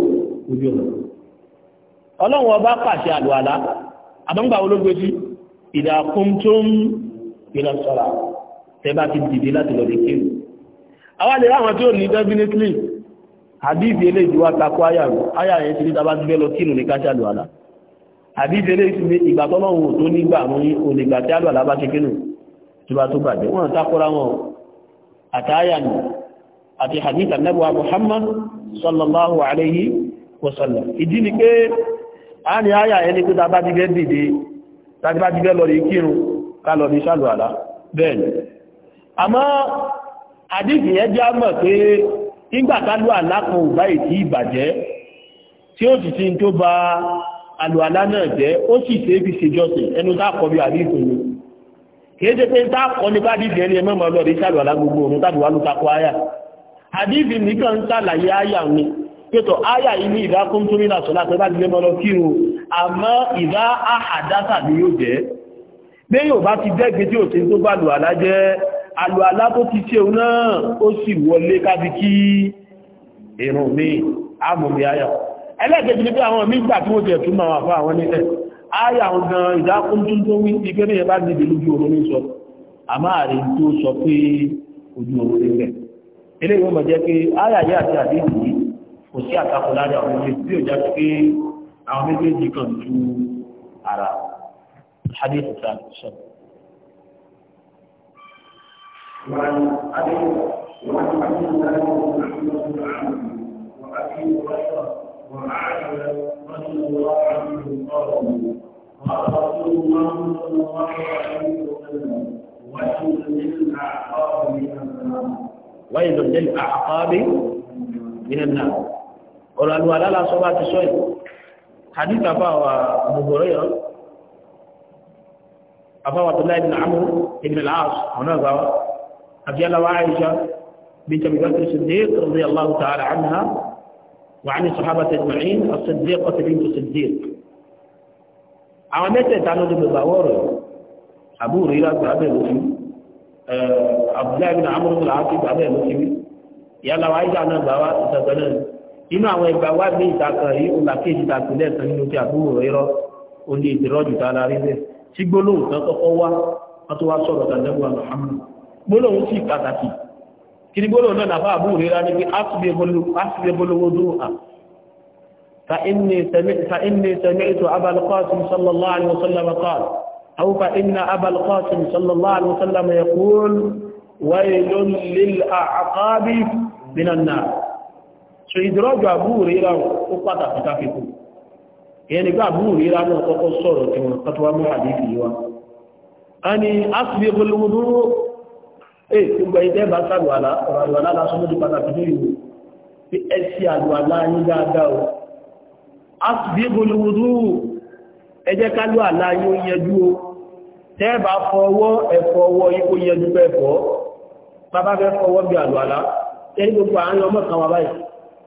ọlọ́run ọba pàṣẹ àlùwàlá àdọ́ngbà olóògbèjì ìdàkúntún ìlọsọ̀rà tẹ́bá ti dìde láti lọ lè kéwù awádìí láwọn tí ó ní definitely àdíìsì eléjì wá takó ayàrù ayàrù ti níta bá ti bẹ́ lọ kínú ní káṣí àlùwàlá àdíìsì eléjì ní ìgbà tọ́lọ́run tó nígbà mú onígbà tí àlùwàlá bá ṣe kínú tí bá tó bàjẹ́ wọ́n takóra wọn àtàyànù àti hadith annabuwa Muhammad sallallahu alaihi wasallam ìdí ni pé a ní àyà ẹni pé tàbá ti fẹ́ dìde tàbá ti fẹ́ lọ rí kírun ká lọ rí sàlù àlá bẹ́ẹ̀ ni àmọ́ àdìsí yẹn jẹ́ àmọ̀ pé nígbà tálù àlá kan ò báyìí tí ìbàjẹ́ tí ó sì ti ń tó ba àlùwàlá náà jẹ́ ó sì ṣe é fi ṣèjọsìn ẹnu tá kọ bí àdìsí ni kìí ṣe pé tá kọ ní bá ẹni ẹmọ́ ọmọ ọlọ́ọ̀dẹ́ sàlù àlá gbogbo òun tàbí wà ló takọ àyà àdìsí nìkan ń sàlàyé àyà mi pẹ́tọ̀ áyà yìí ní ìdá kún tó nílà sọ́lá tẹ́ bá gbé mọ́lọ kí o àmọ́ ìdá àhàdásà ni yóò jẹ́ pé yóò bá ti dẹ́gbẹ́ tí ó ti tó bá lù àlá jẹ́ alù àlá tó ti ṣe náà ó sì wọlé kábi kí ìrùn mi àmùmí áyà ẹlẹ́gbẹ̀ẹ́ ni pé àwọn jẹ́ pé ojú àti àdéhùn yìí kò sí àtakò lára àwọn méjèèjì bí òjá sí pé àwọn méjèèjì kan ju ara hadith ìtàn sọ. وعن عبد الله بن محمد العمري وابي هريره وعائشه رضي الله عنهم قالوا قال رسول الله صلى الله عليه وسلم ويل للاعقاب من النار ويل للاعقاب من النار ọ̀rọ̀ àlù alálàsọ bá ti sọ yìí hadith àfáwà gbogbo yọ àfáwà tó láì nà ámú ibn al-aas ọ̀nà àgbáwà àbíyálàwà àìṣà bí tàbí bá tẹ̀sí dé rọ̀bí aláwọ̀ tààrà àmìhà wà ní sàhábà tẹ̀síwáyìn àṣẹ̀dẹ̀ ọ̀tẹ̀bí tó ṣẹ̀dẹ̀ àwọn mẹ́tẹ̀ẹ̀ta ló dé gbogbo inú àwọn ìgbà wá ní ìtàkà yìí ó làkéjì tàbí lẹ́ẹ̀kan nínú tí àbúrò rírọ́ ó lè ìdìrọ́jù tààrà rí bẹ́ẹ̀ tí gbólóhùn tán kọ́kọ́ wá wọ́n tó wá sọ̀rọ̀ من النار so ìdúrọ́jọ àbúrò ríra ó pàtàkì káfíkù ìyẹn nígbà àbúrò ríra náà kọ́kọ́ sọ̀rọ̀ tí wọ́n tọ́tọ́ wá mú àdéhì wa a ní asìlẹ̀ gbogbo ẹ̀ gbogbo ẹ̀jẹ̀ bá sàlùwàlá ọ̀rọ̀ àlùwàlá lásán ló di pàtàkì lórí ìwò pé ẹ sí àlùwàlá yín dáadáa o asìlẹ̀ gbogbo ẹ jẹ́ ká lù àlá yín ó tẹ́ẹ̀bà fọwọ́ ẹ̀fọ́ ọwọ́ yín ó yẹjú fọ́ bàbá fẹ́ fọwọ́ bí àlùwàlá tẹ́ẹ̀ gbogbo àwọn ọmọ kan wà báyìí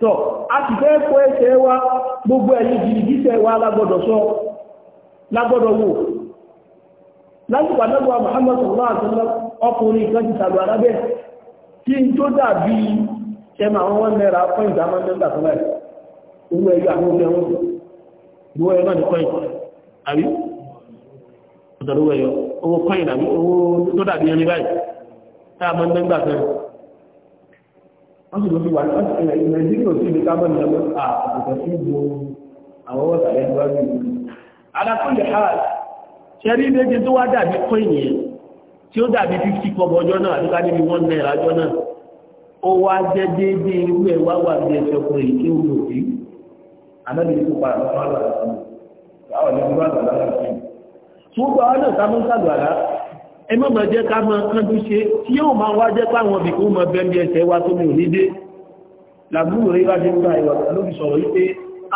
tọ̀ a ti fẹ́ kọ́ ẹsẹ̀ wa gbogbo ẹ̀yìn jìrìgísẹ̀ wa lágbọ́dọ̀ sọ lágbọ́dọ̀ wò lásìkò àdọ́gbà Muhammadu aláàtúnlá ọkùnrin kan ti sàlù alábẹ́ tí n tó dàbí ẹmà àwọn wọn mẹ́ra mẹ́ta owó àwọn ọmọ ẹ̀wọ̀n ní àbí ọ̀dọ̀lówó owó àbí owó tó dàbí ẹni báyìí mọ́ wọ́n sì ló fi wà ní nàìjíríà ò sí ibi ká bọ́ọ̀lù lọ́wọ́ àkùkọ sí ìbò àwọn ọ̀sà ẹni wá bí alákùnlé ha ṣẹ́rí méje tó wá dàbí kọ́ìnì yẹn tí ó dàbí 50 kọ́bọ̀ ọjọ́ náà àti ká níbi 1 náírà ọjọ́ náà ó wá jẹ́ déédé irú ẹ̀ wá wà bí ẹsẹ̀ ọkùnrin èyí tí ó lò sí anábì tó pa àwọn ọmọ àlọ́ àti àwọn ẹ má máa jẹ́ ká máa kánjú ṣe tí yóò máa wá jẹ́ páwọn ibì kó máa bẹ́ẹ̀ bí ẹsẹ̀ wá tó mi ò ní dé làbúrò rí wájú nípa ìwà lórí sọ̀rọ̀ yìí pé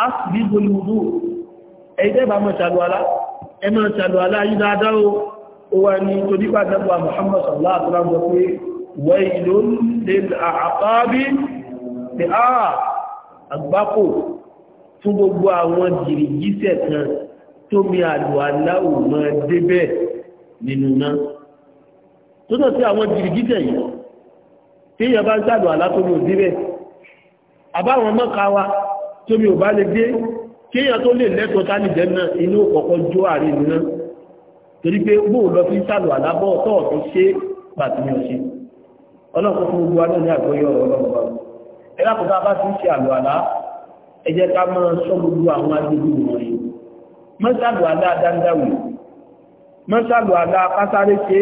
a sì Muhammad sallallahu alaihi wasallam pé wailun lil a'qabi pé a àgbákò fún gbogbo àwọn jìrìgísẹ̀ kan tó mi àlù aláwò mọ́ débẹ̀ nínú náà tó tọ̀ sí àwọn jìrìgítẹ̀ yìí tí èèyàn bá ń sàdọ̀ àlátómi ò débẹ̀ àbáwọn mọ́ka wa tómi ò bá lè dé kí èèyàn tó lè lẹ́tọ̀ọ́ sáàlì jẹ́nà inú kọ̀kọ́ jó àrí ìrìnà torí pé bóò lọ fi sàdọ̀ àlábọ̀ tọ́ọ̀tún ṣe pàtìyàn ṣe ọlọ́pọ̀ fún gbogbo alẹ́ ní àgbóyọ̀ ọlọ́pàá ẹ̀rọ àkọ́kọ́ bá ti ń ṣe àlọ́ àlá ẹ jẹ́ ká máa sọ gbogbo àwọn agbègbè wọ̀nyí mọ́sàlù àlá dáńdáwì mọ́sàlù ṣe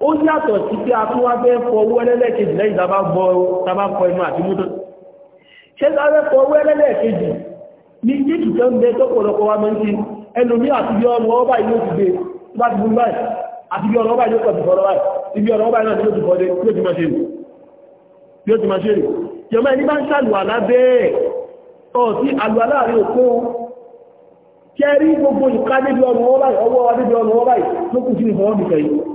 ó yàtọ̀ sí pé a tún wá fẹ́ fọwọ́ ẹlẹ́lẹ́kejì lẹ́yìn tàbá kọ inú àti mútó ṣe sáré fọwọ́ ẹlẹ́lẹ́kejì ní jíjù tó ń bẹ tọ́pọ̀lọpọ̀ wa mọ́ sí ẹlòmí àti bí ọba ìlú ti gbé bá ti gbúgbà àti bí ọmọ ọba gbogbo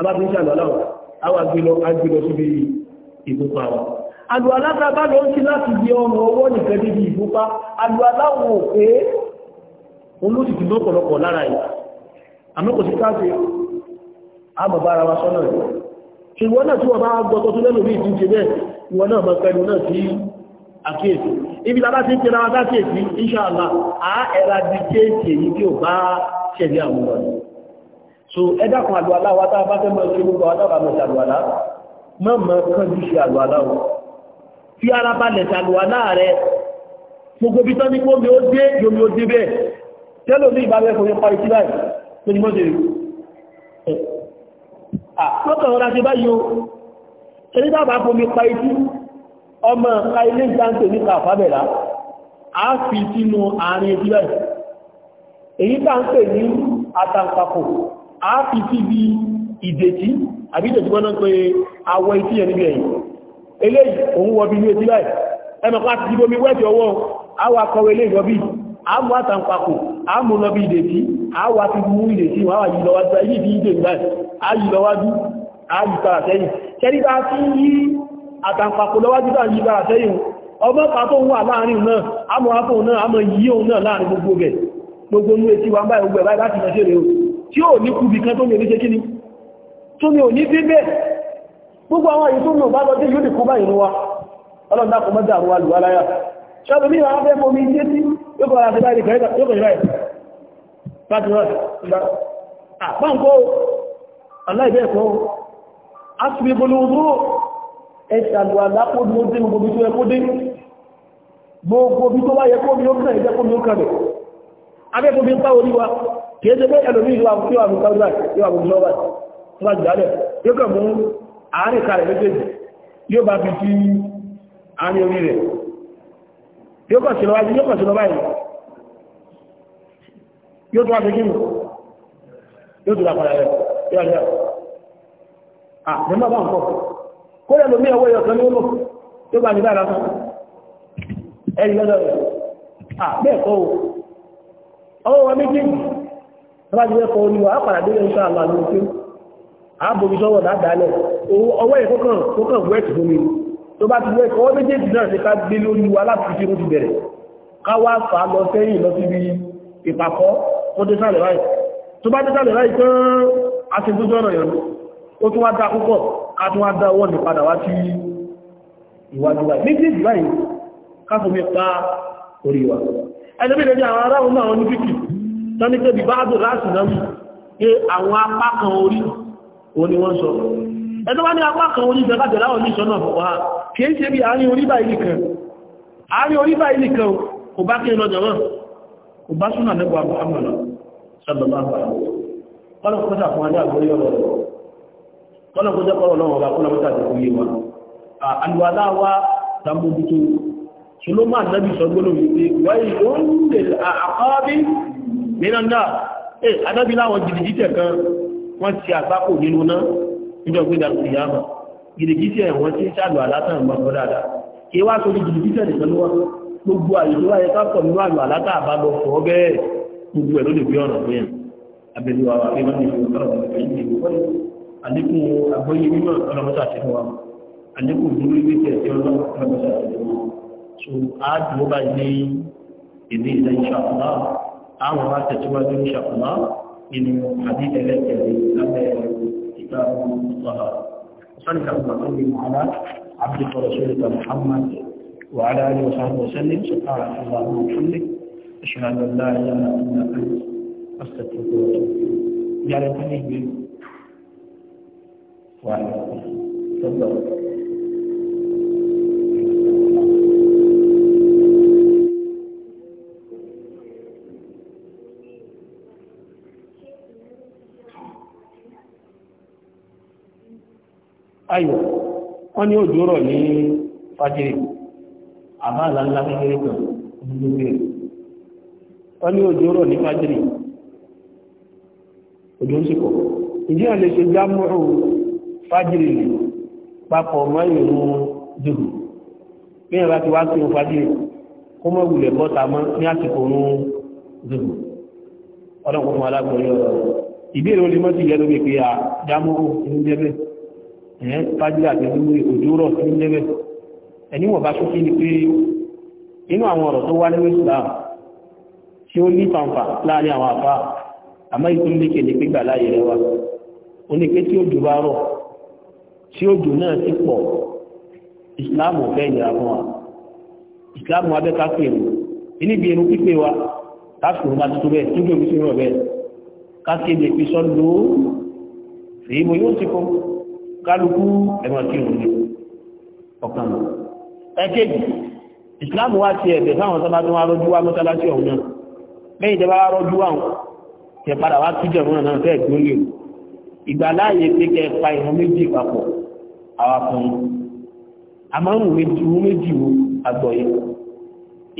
abábí ń ṣàlọ́ láwọn àwọn agbélọ síbi ìfúnpá wọn àlù alágbàbá ló ń ti láti di ọmọ ọwọ́ nìkan níbi ìfúnpá àlù aláwọ̀ pé olóṣìṣì lọ́pọ̀lọpọ̀ lára yìí àmọ́ kò sí káàkiri àmọ̀bára wa sọ́nà rẹ̀ ṣe ìwọ náà tí wọ́n bá gbọ́tọ̀ tó lẹ́nu bíi ìdíje bẹ́ẹ̀ ìwọ náà mọ̀ pẹ̀lú náà sí àkíyèsí ibi lára ti ń tẹ́ra wa sákíyèsí inṣàlá àá ẹ̀ra di kéèkì èyí tí ò bá ṣẹ̀lẹ̀ àwòrán so ẹ̀dá kan àlùwàlá wa tá a bá fẹ́ mọ̀ sí gbogbo àwọn àbámọ̀ ṣàlùwàlá má mọ̀ kán ju ṣe àlùwàlá o fi ara balẹ̀ ṣàlùwàlá rẹ gbogbo ibi tán ní kó mi ó dé yomi ó dé bẹ́ẹ̀ tẹ́lò ní ìbáwẹ́ fún mi pa ìtí báyìí tó ní o ṣeré dábà fún mi pa ìtí ọmọ ká ilé a fi sínú àárín ìtí èyí tá ń pè ní àtàǹpapọ̀ a fi sí bí ìdẹ̀tí àbí ìdẹ̀tí gbọ́nà pé awọ etí yẹn níbi ẹ̀yìn eléyìí òun wọ bí ní etí láì ẹmọ pa ti bomi wẹ́ẹ̀tì ọwọ́ awọ akọwé ilé ìrọbí àmú àtàǹpàkò àmú lọ bí ìdẹ̀tí àwọ àti mú ìdẹ̀tí wọ́n wà yìlọ́wájú ayé bí ìdẹ̀ ìgbà ayìlọ́wájú ayìtara sẹ́yìn kẹ́rí bá tí yí àtàǹpàkò lọ́wájú bá yìtara sẹ́yìn ọmọ pàtó wà láàrin náà àmọ́ àpò náà àmọ́ yíò náà láàrin gbogbo gẹ̀ gbogbo ní etí wa báyìí gbogbo ẹ̀ báyìí láti mọ́ rẹ̀ o tí ó ní kúbi kan tó ní oníṣẹ́ kíní tó ní òní bí bẹ́ẹ̀ gbogbo àwọn èyí tó ní ọba lọ́dé yóò dìkú báyìí wa ọlọ́dàkùn mọ́dà àwọn alùwáláyà ṣọ́dọ̀ ní àwọn afẹ́fẹ́ omi jẹ́ sí yóò kọ̀ láti báyìí kẹrẹ́ta yóò kọ̀ ìráyìí láti rọ̀ àpáǹkó aláìbẹ́ẹ̀kọ́ asìbí bolúwúrú ẹ̀ṣàlù alákòdúró dínú gbogbo tó yẹ kó dé gbogbo tó wáyẹ kó mi ó kàn ẹ̀jẹ́ kó mi ó kàn rẹ̀ abẹ́kọ́ mi ń pá orí wa kìí ṣe pé ẹlòmí ìwà yóò àmú káwùdà yóò àmú ìṣọ́wà wà jùlálẹ̀ yóò kàn mú àárín kalẹ̀ méjèèjì yóò bá fi orí rẹ̀ yóò kàn sílọ wájú yóò kàn sílọ báyìí yóò tó wá fi kíni yóò tó lápàdà rẹ̀ bá ń kọ́ kó ẹlòmí ẹwọ́ ẹ̀yọ̀ kan ní tó bá ní báyìí ẹ̀yìn lọ́dọ̀ rẹ̀ bẹ́ẹ̀ kọ́ ọwọ́ wọ́n bá ti fẹ́ kọ oníwà á padà délé nǹkan àlọ́ àlọ́ òfin àbòmí sọ́wọ́ dáadáalẹ̀ ọwọ́ ẹ̀ kọ́kàn wẹ́ẹ̀tì lómi tó bá ti wẹ́ẹ̀ kọ́ méjèèjì náà ṣe ká gbé lórí wa láti fi ti bẹ̀rẹ̀ ká wá fà á lọ sẹ́yìn lọ síbi ìpàkọ́ ó dé sálẹ̀ báyìí tó bá dé sálẹ̀ báyìí tán a ti dójú ọ̀nà yọ̀nù ó tún wá dá púpọ̀ ká tún wá dá ọwọ́ ní padà wá sí ìwájú wa méjèèjì báyìí ká fòmí pa orí wa ẹni bí lè ní àwọn aráhùn náà tọ́ní tóbi bá dùn láti náà mú pé àwọn apá kan orí òun ni wọ́n sọ ẹ̀tọ́ bá ní apá kan orí ìjọba láwọn ní ìṣọ́nà ọ̀pọ̀ ha kì í ṣe bí àárín orí báyìí nìkan àárín orí báyìí nìkan kò bá kí lọ jọ̀wọ́ kò bá súnà nípa àmàlà sọ́dọ̀lá àpá mìírànlá ẹ adábí láwọn jìdìjítẹ̀ kan wọ́n ti àgbákò nínú náà níjọ́ gbígbà sí yàmà jìdìjítẹ̀ wọ́n ti ṣàlù àlátàn mọ́kọ́ dáadáa kí wá sórí jìdìjítẹ̀ nìkan ló wá gbogbo àyíkó ayé kápọ̀ nínú àlù àlátà àbábọ̀ fọ́ bẹ́ẹ̀ gbogbo ẹ̀ ló lè fi ọ̀rọ̀ fún yẹn abẹ́lúwa wà pé wọ́n ti fi ọ̀rọ̀ fún yẹn àlékún agbóyé mímọ̀ ọlọ́mọta àtẹ́fẹ́ wa àlékún dúró ìgbésẹ̀ tí ọlọ́mọta àtẹ́fẹ́ wa so àádùn ó bá ní èdè ìdáyíṣà fún náà àwọn wá tẹ̀síwájú ní ṣàkùnmá nínú àdídẹ̀lẹ́tẹ̀lẹ́ lábẹ́ ìgbà ọ̀sán وصلت على سيدنا محمد عبدك ورسولك محمد وعلى اله وصحبه وسلم سبحانك اللهم وبحمدك اشهد ان لا اله الا انت استغفرك واتوب اليك يا ريتني بي وعلى تفضل ayò wọ́n ní òjò rọ̀ ní fàjírì àbá àlàńlá kékeré kan gbogbo wọ́n ní òjò rọ̀ ní fàjírì òjò ń sì pọ̀ ìdí àwọn lè ṣe jámọ́rù fàjírì lè papọ̀ mọ́ ìrún dùrù bí ẹ̀rọ ti wá sí òun fàjírì kó mọ́ wulẹ̀ bọ́ta mọ́ ní àsìkò òun dùrù ọlọ́pọ̀ fún alágbọ̀n yọ̀rọ̀ ìbéèrè olè mọ́ sí ìyẹn lórí pé a jámọ́rù inú jẹ́bẹ̀ẹ́ ẹ̀yẹn fájúlà àti ìlú òjòrò sí lẹ́wẹ̀ ẹni wọ̀n bá ṣókí ni pé inú àwọn ọ̀rọ̀ tó wá lẹ́wẹ̀ islam tí ó ní fanfà láàrin àwọn àfá àmọ́ ìtún lékè ní pígbà láàyè rẹwà ó ní pé tí ó jù bá rọ̀ tí ó jù náà sì pọ̀ islam ò fẹ́ ìnira fún wa islam wa bẹ́ ká pè mú níbi irun pípé wa ká fi òun bá tuntun bẹ́ẹ̀ tó gbé òun sí rọ̀ bẹ́ẹ̀ ká kéde fi sọ́dún rí kálukú ẹ̀mọ̀ kí òun ní ọ̀kan lọ. ẹ̀kejì ìsìláàmù wá ti ẹ̀bẹ̀ fáwọn sábà tó wá rọ́jú wá mọ́sálásí ọ̀hún náà lẹ́yìn tẹ́ bá wá rọ́jú wá tẹ padà wá kíjọ náà náà fẹ́ gbó lè ìgbà láàyè pé kẹ pa ìran méjì papọ̀ àwa fún un àmọ́ ń méjì wo méjì wo àgbọ̀yé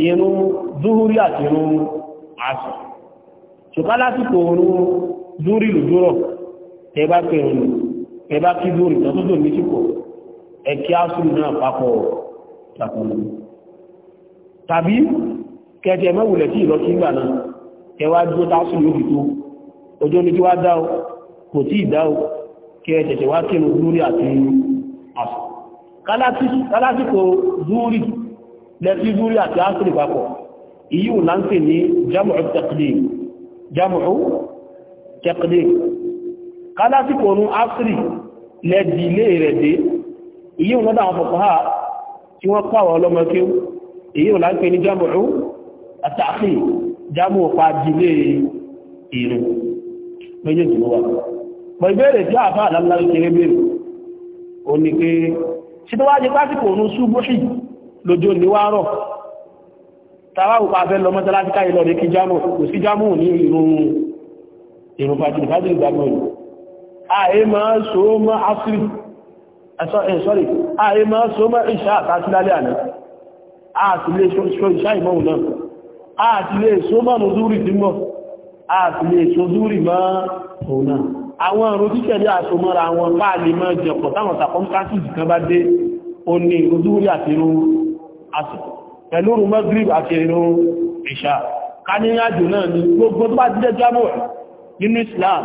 irun zuhuri àti irun asọ̀ ṣùgbọ́n lásìkò irun zuhuri lòdúrọ̀ tẹ bá pẹ̀rùn ẹ bá kí lórí tó tó dò méjì pọ̀ ẹ kí ásùn náà papọ̀ ṣàkóso tàbí kẹtẹ mẹ́wùlẹ̀ tí ìlọ sí ìgbà náà ẹ wá dúró tásùn yóò fi tó ọjọ́ ní kí wá dá o kò tí ì dá o wá kí lórí àti àṣù papọ̀ ìyíò náà ní jamu'u taqdim kálásìkò orun áfírì lẹ́dì ilé rẹ̀ dé èyí wọn lọ́dọ̀ àwọn fọ̀kọ̀ ha tí wọ́n pàwọ̀ ọlọ́mọ kí èyí wọn láńpẹ́ ní jámùú àtàkì jámùú pa jílé ìrìn méjèèjì ló wà pọ̀ ìbéèrè tí àfà àdámláwí kéré béèrè ó ní pé ṣe tó wá jẹ pásìkò orun súbúṣì lójó ní wárọ̀ tàwáwù pa fàjìlì fàjìlì gbàgbọ́ ìrun àyè máa so mọ́ afri sorry àyè máa so mọ́ ìṣà àti lálẹ́ àná àti lè so ìṣà ìmọ̀hùn náà àti lè so mọ́ nùdúrì tí mọ́ àti lè so dúrì mọ́ òun náà àwọn ọ̀rọ̀ títẹ̀ ní àsomọ́ra àwọn bá lè mọ́ jẹ̀pọ̀ táwọn circumstances kan bá dé ó ní ìrúdúrí nínú Islam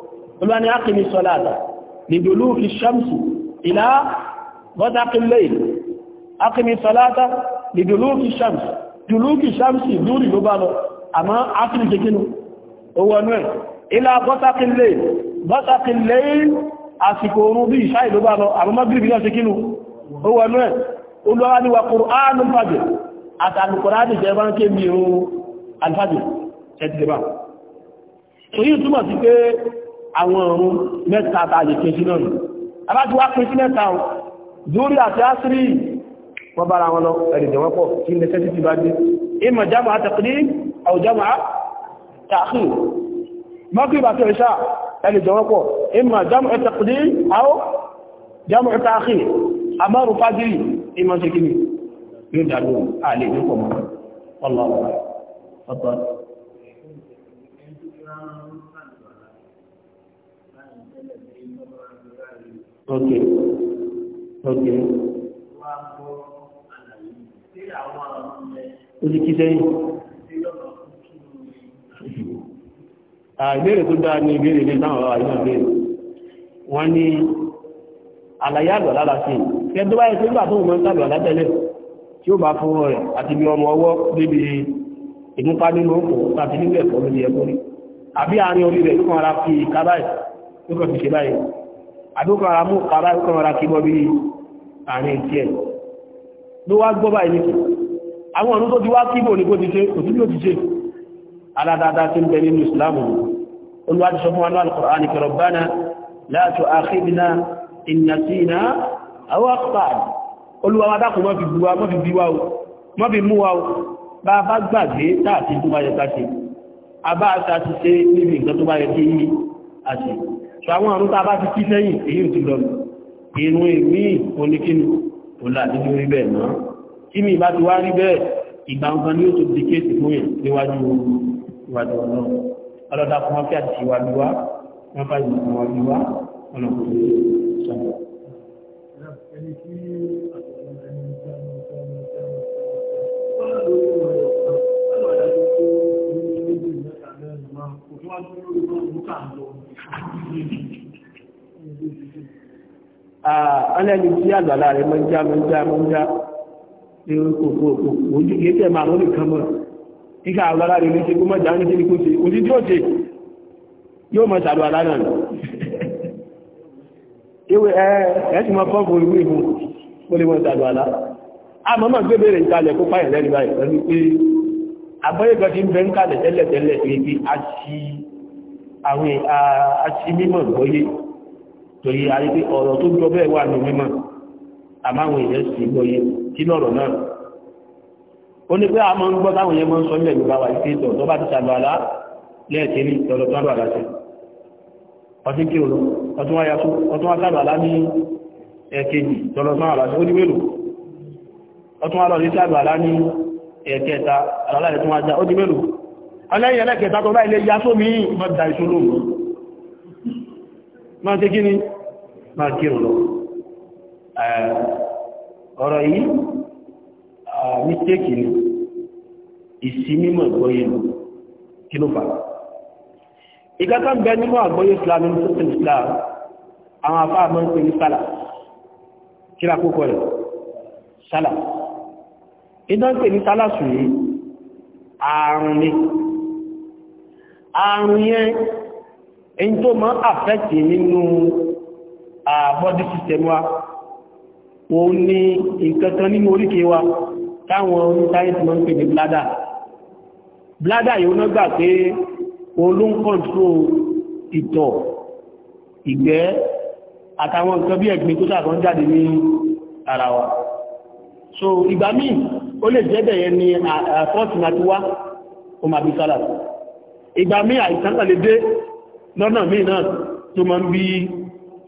olúwa ni ákìní sọ́láàtà nìdòlú fi ṣámsù ìlà bọ́dákìlẹ̀ ákìní sọ́láàtà nìdòlú fi ṣámsù dùlú fi ṣámsù lórí ló bá lọ àmọ́ ákìní kékínú owó ọ̀nà ẹ̀ ìlà bọ́dákìlẹ̀ bọ́dákìlẹ̀ àsìkò orun bí ìṣáì ló bá lọ àmọ́ mọ́gbìrì náà kékínú owó ọ̀nà ẹ̀ olúwa ni wà kùránù fàjẹ̀ àtàlùkùránì jẹ́ bá àwọn ọ̀run mẹ́ta tààlì kejì náà abájú wá pín sí mẹ́ta ọ̀ lórí àti àṣírí wọ́n bára wọn lọ ẹ̀rẹ̀dẹ̀ wọ́n pọ̀ tí ilẹ̀ sẹ́sì ti bá dé ìmọ̀ jámà àtàkìrí àwùjámà tààkì mọ́kìrì àti ìṣà ẹ̀rẹ̀dẹ̀ wọ́n pọ̀ ìmọ̀ jámà àtàkìrí ok ok. o ti kí sẹ́yìn. ìbéèrè tó dáa ní ìbéèrè ní táwọn ọ̀rọ̀ àyíká béèrè wọ́n ní àlàyé àgbà lára sí kẹ́dọ́ báyìí tó gbà tó mọ́ sábà látẹ́lẹ̀ tí ó bá fún rẹ̀ àti bí ọmọ ọwọ́ débi ìmúpa nínú òkú láti nílẹ̀ pọ̀ lórí ẹgbẹ́ rí àbí àárín orí rẹ̀ fún ara fi ìka báyìí tó kọ̀ fi ṣe báyìí àdókò ara mú kàrá ìkọ̀ ara kí bọ́bí àárín tí ẹ̀ ló wá gbọ́ báyìí nìkì àwọn ọ̀nà tó ti wá kíbò ní kó ti ṣe kò tí ló ti ṣe aládáadáa tí ń bẹ nínú ìsìláàmù olúwájú sọ fún aláàlù kọ̀rán ìkẹ̀rọ̀ bánà láàtò àkíbìnà ìnàtìnà àwọn àpàd wa mọ́ fi ṣàwọn àrùn tàbá ti kí sẹ́yìn èyí ti lọ inú èmí oníkínú ọ̀là nínú rí bẹ́ẹ̀ náà kí mi bá ti wá rí bẹ́ẹ̀ ìgbà nǹkan ni ó tó di kéèsì fún yẹn níwájú ìwájú ọ̀nà ọlọ́dà fún wọn fí àti ìwájú wá wọn fà ìmọ̀ fún wájú Thank you. ọlẹ́ni tí àgbàlá rẹ̀ mọ́ já mọ́ já mọ́ já ní kòkó ojú kìí tẹ́ máa lórí kan mọ́ nígbà àgbàlá rẹ̀ léṣe kó mọ́ já ní kíní kó ṣe ojú tí ó ṣe yóò mọ́ sàlọ́ aláàrẹ̀ ẹ̀ẹ́sì mọ́ pọ́ǹpù ìwé ìmú kó lè mọ́ sàlọ́ alá àmọ́mọ́ gbé bèèrè ìtàlẹ̀ kó páyẹ̀ lẹ́nu báyìí pẹ̀lú pé àbọ́yẹ̀gọ́ ti ń bẹ́ ń kàlẹ̀ tẹ́lẹ̀ tẹ́lẹ̀ pé a ṣí àwọn aṣínímọ̀ gbọ́yé torí àríkí ọ̀rọ̀ tó jọ bẹ́ẹ̀ wà ní mímọ̀ àmáwọn èèyàn sì gbọ́yé kí lọ́rọ̀ náà ó ní pé a máa ń gbọ́ táwọn èèyàn máa ń sọ ilẹ̀ ìgbà wà ìpé ìtọ̀ tó bá ti sàlọ́lá lẹ́ẹ̀kiri lọ́lọ́ tó bá láti ọtí kí olú ọtún wá yasú ọtún wá sàlọ́lá ní ẹ̀kejì lọ́lọ́ tó bá láti ó ní mélòó ọtún wá lọ sí sàlọ́lá ní ẹ̀kẹta àlọ́lá ẹ̀ tún wá já ó ọlẹ́yìn ẹlẹ́kẹta tó bá ilé ya tó mi mọ́ da ìṣòro máa tẹ́ kíni máa kírùn lọ ọ̀rọ̀ yìí mistake ni ìsí mímọ̀ ìgbọ́yé lọ kí ló fà ìgbàkan bẹ nínú àgbọ́yé Islam ní sọ́tún Islam àwọn afá mọ́ ń pè ní sálà kíra kókọ rẹ̀ sálà iná pè ní sálà sùn yìí ààrùn ni àrùn yẹn èyí tó máa àfẹ́tì nínú àbọ́dí system wa òun ni ìkẹtàn nínú oríkèé wa táwọn sáyẹ́ǹsì máa ń pè ní bládà bládà yóò náà gbà pé òun ló ń kọ́ntró ìtọ̀ ìgbẹ́ àtàwọn nǹkan bí ẹ̀gbin tó sàkọ́ jáde ní ara wa so ìgbà míì ó lè jẹ́bẹ̀ yẹn ni àfọ́tì máa ti bí sálàtì ìgbà mí àìsàn lè dé lọ́nà míì náà tó máa ń bí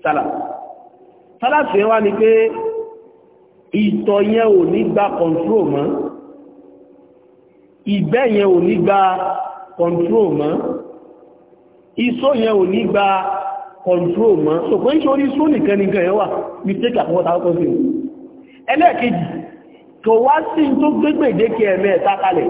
sálà sálà sí wá ni pé ìtọ̀ yẹn ò ní gba kọ̀ǹtró mọ́ ìgbẹ́ yẹn ò ní gba kọ̀ǹtró mọ́ iṣó yẹn ò ní gba kọ̀ǹtró mọ́ so pé ìṣòrí iṣó nìkan nìkan yẹn wà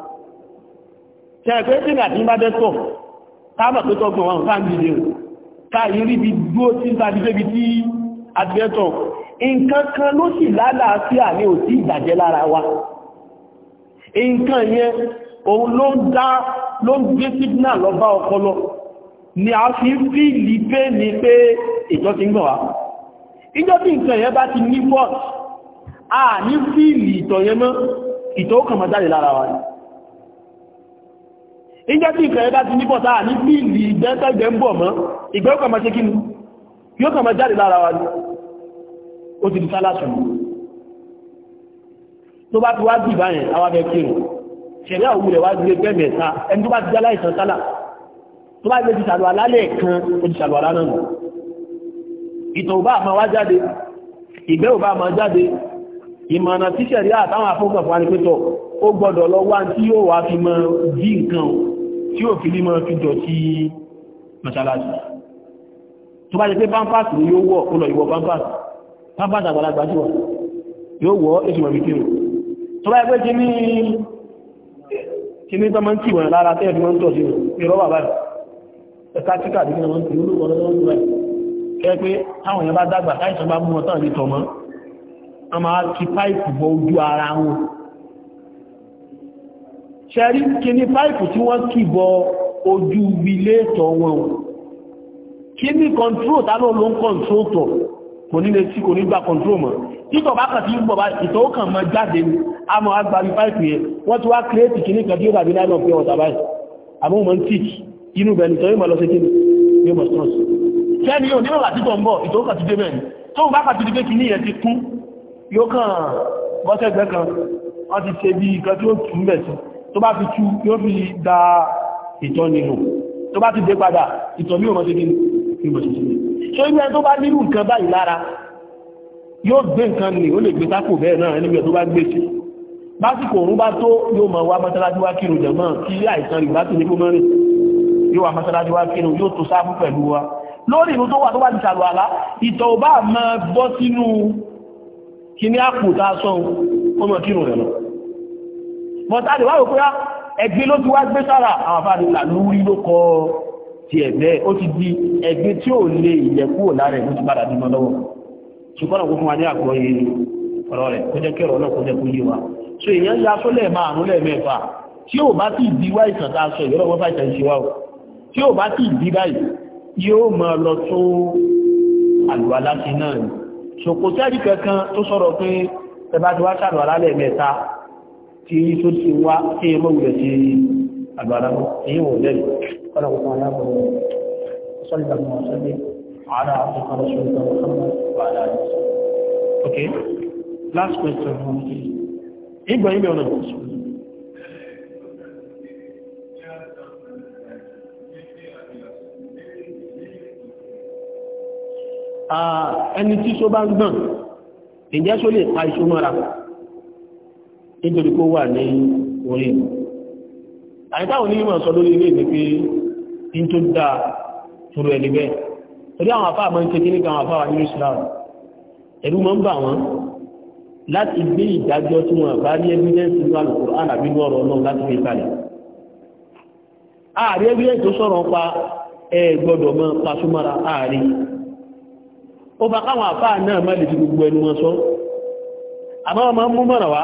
tẹ́ẹ̀kọ́ tí ìgbà tí ń bá dẹ́kọ̀ káàmà tó tọ́gbọ̀n wọn ká ń bí lè káàyí rí bí gbó tí ń tàbí débi tí àdìẹ́tọ̀ nǹkan kan ló sì lálàáfíà ní ò sí ìdàjẹ́ lára wa nǹkan yẹn òun ló ń dá ló ń gbé sígbìnà lọ bá ọpọlọ a fi fi lì pé ní pé ìjọ ti ń gbọ̀ wá ìjọ tí nǹkan yẹn bá ti ní a ní fíìlì ìtọ̀ yẹn mọ́ ìtọ̀ ó kàn máa jáde lára wa ni ìjẹ́ tí ìfẹ́ bá ti níbọ̀ táà ní bíìlì ìgbẹ́ntẹ́gbẹ́ mọ́ ìgbẹ́ òkàmọ́ ṣe kí ni yóò kàmọ́ jáde lára wa ní ó ti di sálásù tó bá ti wá bí ìbáyẹn awábẹ́ kírùn ṣẹ̀rí àwú rẹ̀ wá gbé gbẹ́mẹ̀ta ẹni tó bá ti jálá ìsàn sálà tó bá gbé ti sàlù alálẹ̀ kan ó ti sàlù alánà nù ìtọ̀ ò bá máa wá jáde ìgbẹ́ ò tí ò fi ní mọ́ fi jọ sí mọ́ṣáláṣí tó bá jẹ́ pé pampers ni yóò wọ̀ ó lọ ìwọ pampers pampers àgbàlagbà jù yóò wọ̀ èsì mọ̀bí kírù tó bá jẹ́ pé kí ní kí ní tọ́mọ ń tì wọ̀n lára tẹ́ẹ̀ fi wọ́n ń tọ̀ sí ìrọ́ bàbá rẹ̀ ẹ̀ka tíkà tí wọ́n ń tì lórúkọ lọ́wọ́ rẹ̀ kẹ́ pé táwọn èèyàn bá dàgbà táìsàn bá mú ọtọ́ ṣẹ́rí kíní páìpù tí wọ́n kìbọ ojú ilé tọ̀ wọn kíní kọntró tánà ló ń kọntró tọ̀ kò ní lè tí kò ní gba kọntró mọ̀ títọ̀ bá kàtí ń bọ̀bá ìtọ̀ ó jáde ní a mọ̀ agbárí páìpù yẹn wọ́n ti wá kírètì kíní kan tí ó dàbí láìlọ́ pé ọ̀tà báyìí àmọ́ mọ́ ń tíìkì inú bẹ̀rẹ̀ ìtọ̀ yóò mọ̀ lọ sí kíní yóò mọ̀ sọ́ọ̀sì kẹ́ni yóò níwọ̀n àti tọ̀ ń bọ̀ ìtọ̀ ó kàtí dé mẹ́rin tó bá kàtí dé kíní yẹn ti kún tó bá fi tú yóò fi da ìtọ́ nílò tó bá ti dé padà ìtọ̀ mí òmọ́ síkí ìgbòsìsì so ibi ẹni tó bá nínú nǹkan báyìí lára yóò gbé nǹkan ní ó lè gbé sápò bẹ́ẹ̀ náà ẹni tó bá gbé sí básìkò òun bá tó yóò máa wá mọ́sálásí wá kírun jẹ̀mọ́ kí àìsàn rí bá ti ní gbómọ́ rìn yóò wá mọ́sálásí wá kírun yóò tó sáfún pẹ̀lú wa lórí ìlú tó wà tó bá ti sàlù àlá ìtọ̀ ò bá máa bọ́ sínú kíní àpò tá a sọ ọmọ kírun rẹ̀ náà mọ̀tàdì wáwò pé ẹgbẹ́ ló ti wá gbé sára àwọn afáàdì ìlànà ló kọ ti ẹ̀gbẹ́ ó ti di ẹgbẹ́ tí ó lè ìyẹ̀kú lára ẹ̀ ló ti padà bímọ lọ́wọ́ ṣùgbọ́n kó fún wa ní àgbọ́yé ọ̀rọ̀ rẹ̀ kó jẹ́ kẹrọ ọlọ́kọ́ jẹ́ kó yé wa so èèyàn ya sólẹ̀ márùn lẹ́ẹ̀mẹ́fà tí ó bá ti di wá ìtàn tá a sọ ìyọ́rọ̀ wọ́n tí tó ti wá tí ẹ mọ́wùlẹ̀ sí àgbàrá èyí wò lẹ́nu kọ́nà kò fún aláàbò sọ́lì bàbá wọn sọ́lì ààrẹ àfẹ́kọ́ last question from me ìgbà ìgbà ọ̀nà ìgbà ẹni tí só bá ń gbọ̀n ìjẹ́ só lè pa ìṣó mọ́ra nítorí kó wà ní orí àìtáwọn onímọ̀ sọ lórí ilé ìní pé in tó dá fúrú ẹni bẹ́ẹ̀ torí àwọn afá àmọ́ ń ṣe kíníkà àwọn afá wà ní Islam ẹ̀rú mọ́ ń bà wọ́n láti gbé ìdájọ́ tí wọ́n bá ní evidence ní Al-Qur'an àbí lọ́rọ̀ náà láti fi kalẹ̀ ààrí evidence tó sọ̀rọ̀ àmọ́ wọn mú mọ́ra wá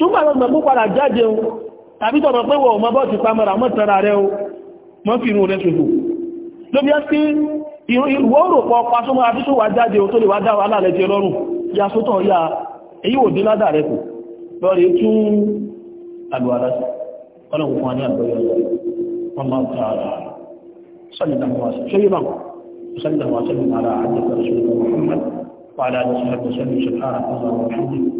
túnbà lọ́gbà mú padà jáde o tàbí tọ́mọ̀ pé wọ́n mọ́ ti pamọ́ra mọ́ tara rẹ o mọ́ fi irun rẹ ṣòfò ló bí ẹ́ sí ìwọ́ rò pọ̀ pasúmọ́ àbíṣò wà jáde o tó lè wá dá wà láàrẹ jẹ lọ́rùn ya sótọ̀ ya èyí ò dín ládà rẹ kù lọ́rẹ̀ tún àlùwàlá sí ọlọ́run fún wa ní àgbẹ̀yọ̀ wọn máa ta ara sọ́yìn náà wá sí ṣẹ́yìn náà وسلم وسلم على عبدك رسولك محمد وعلى اله وصحبه وسلم سبحانك اللهم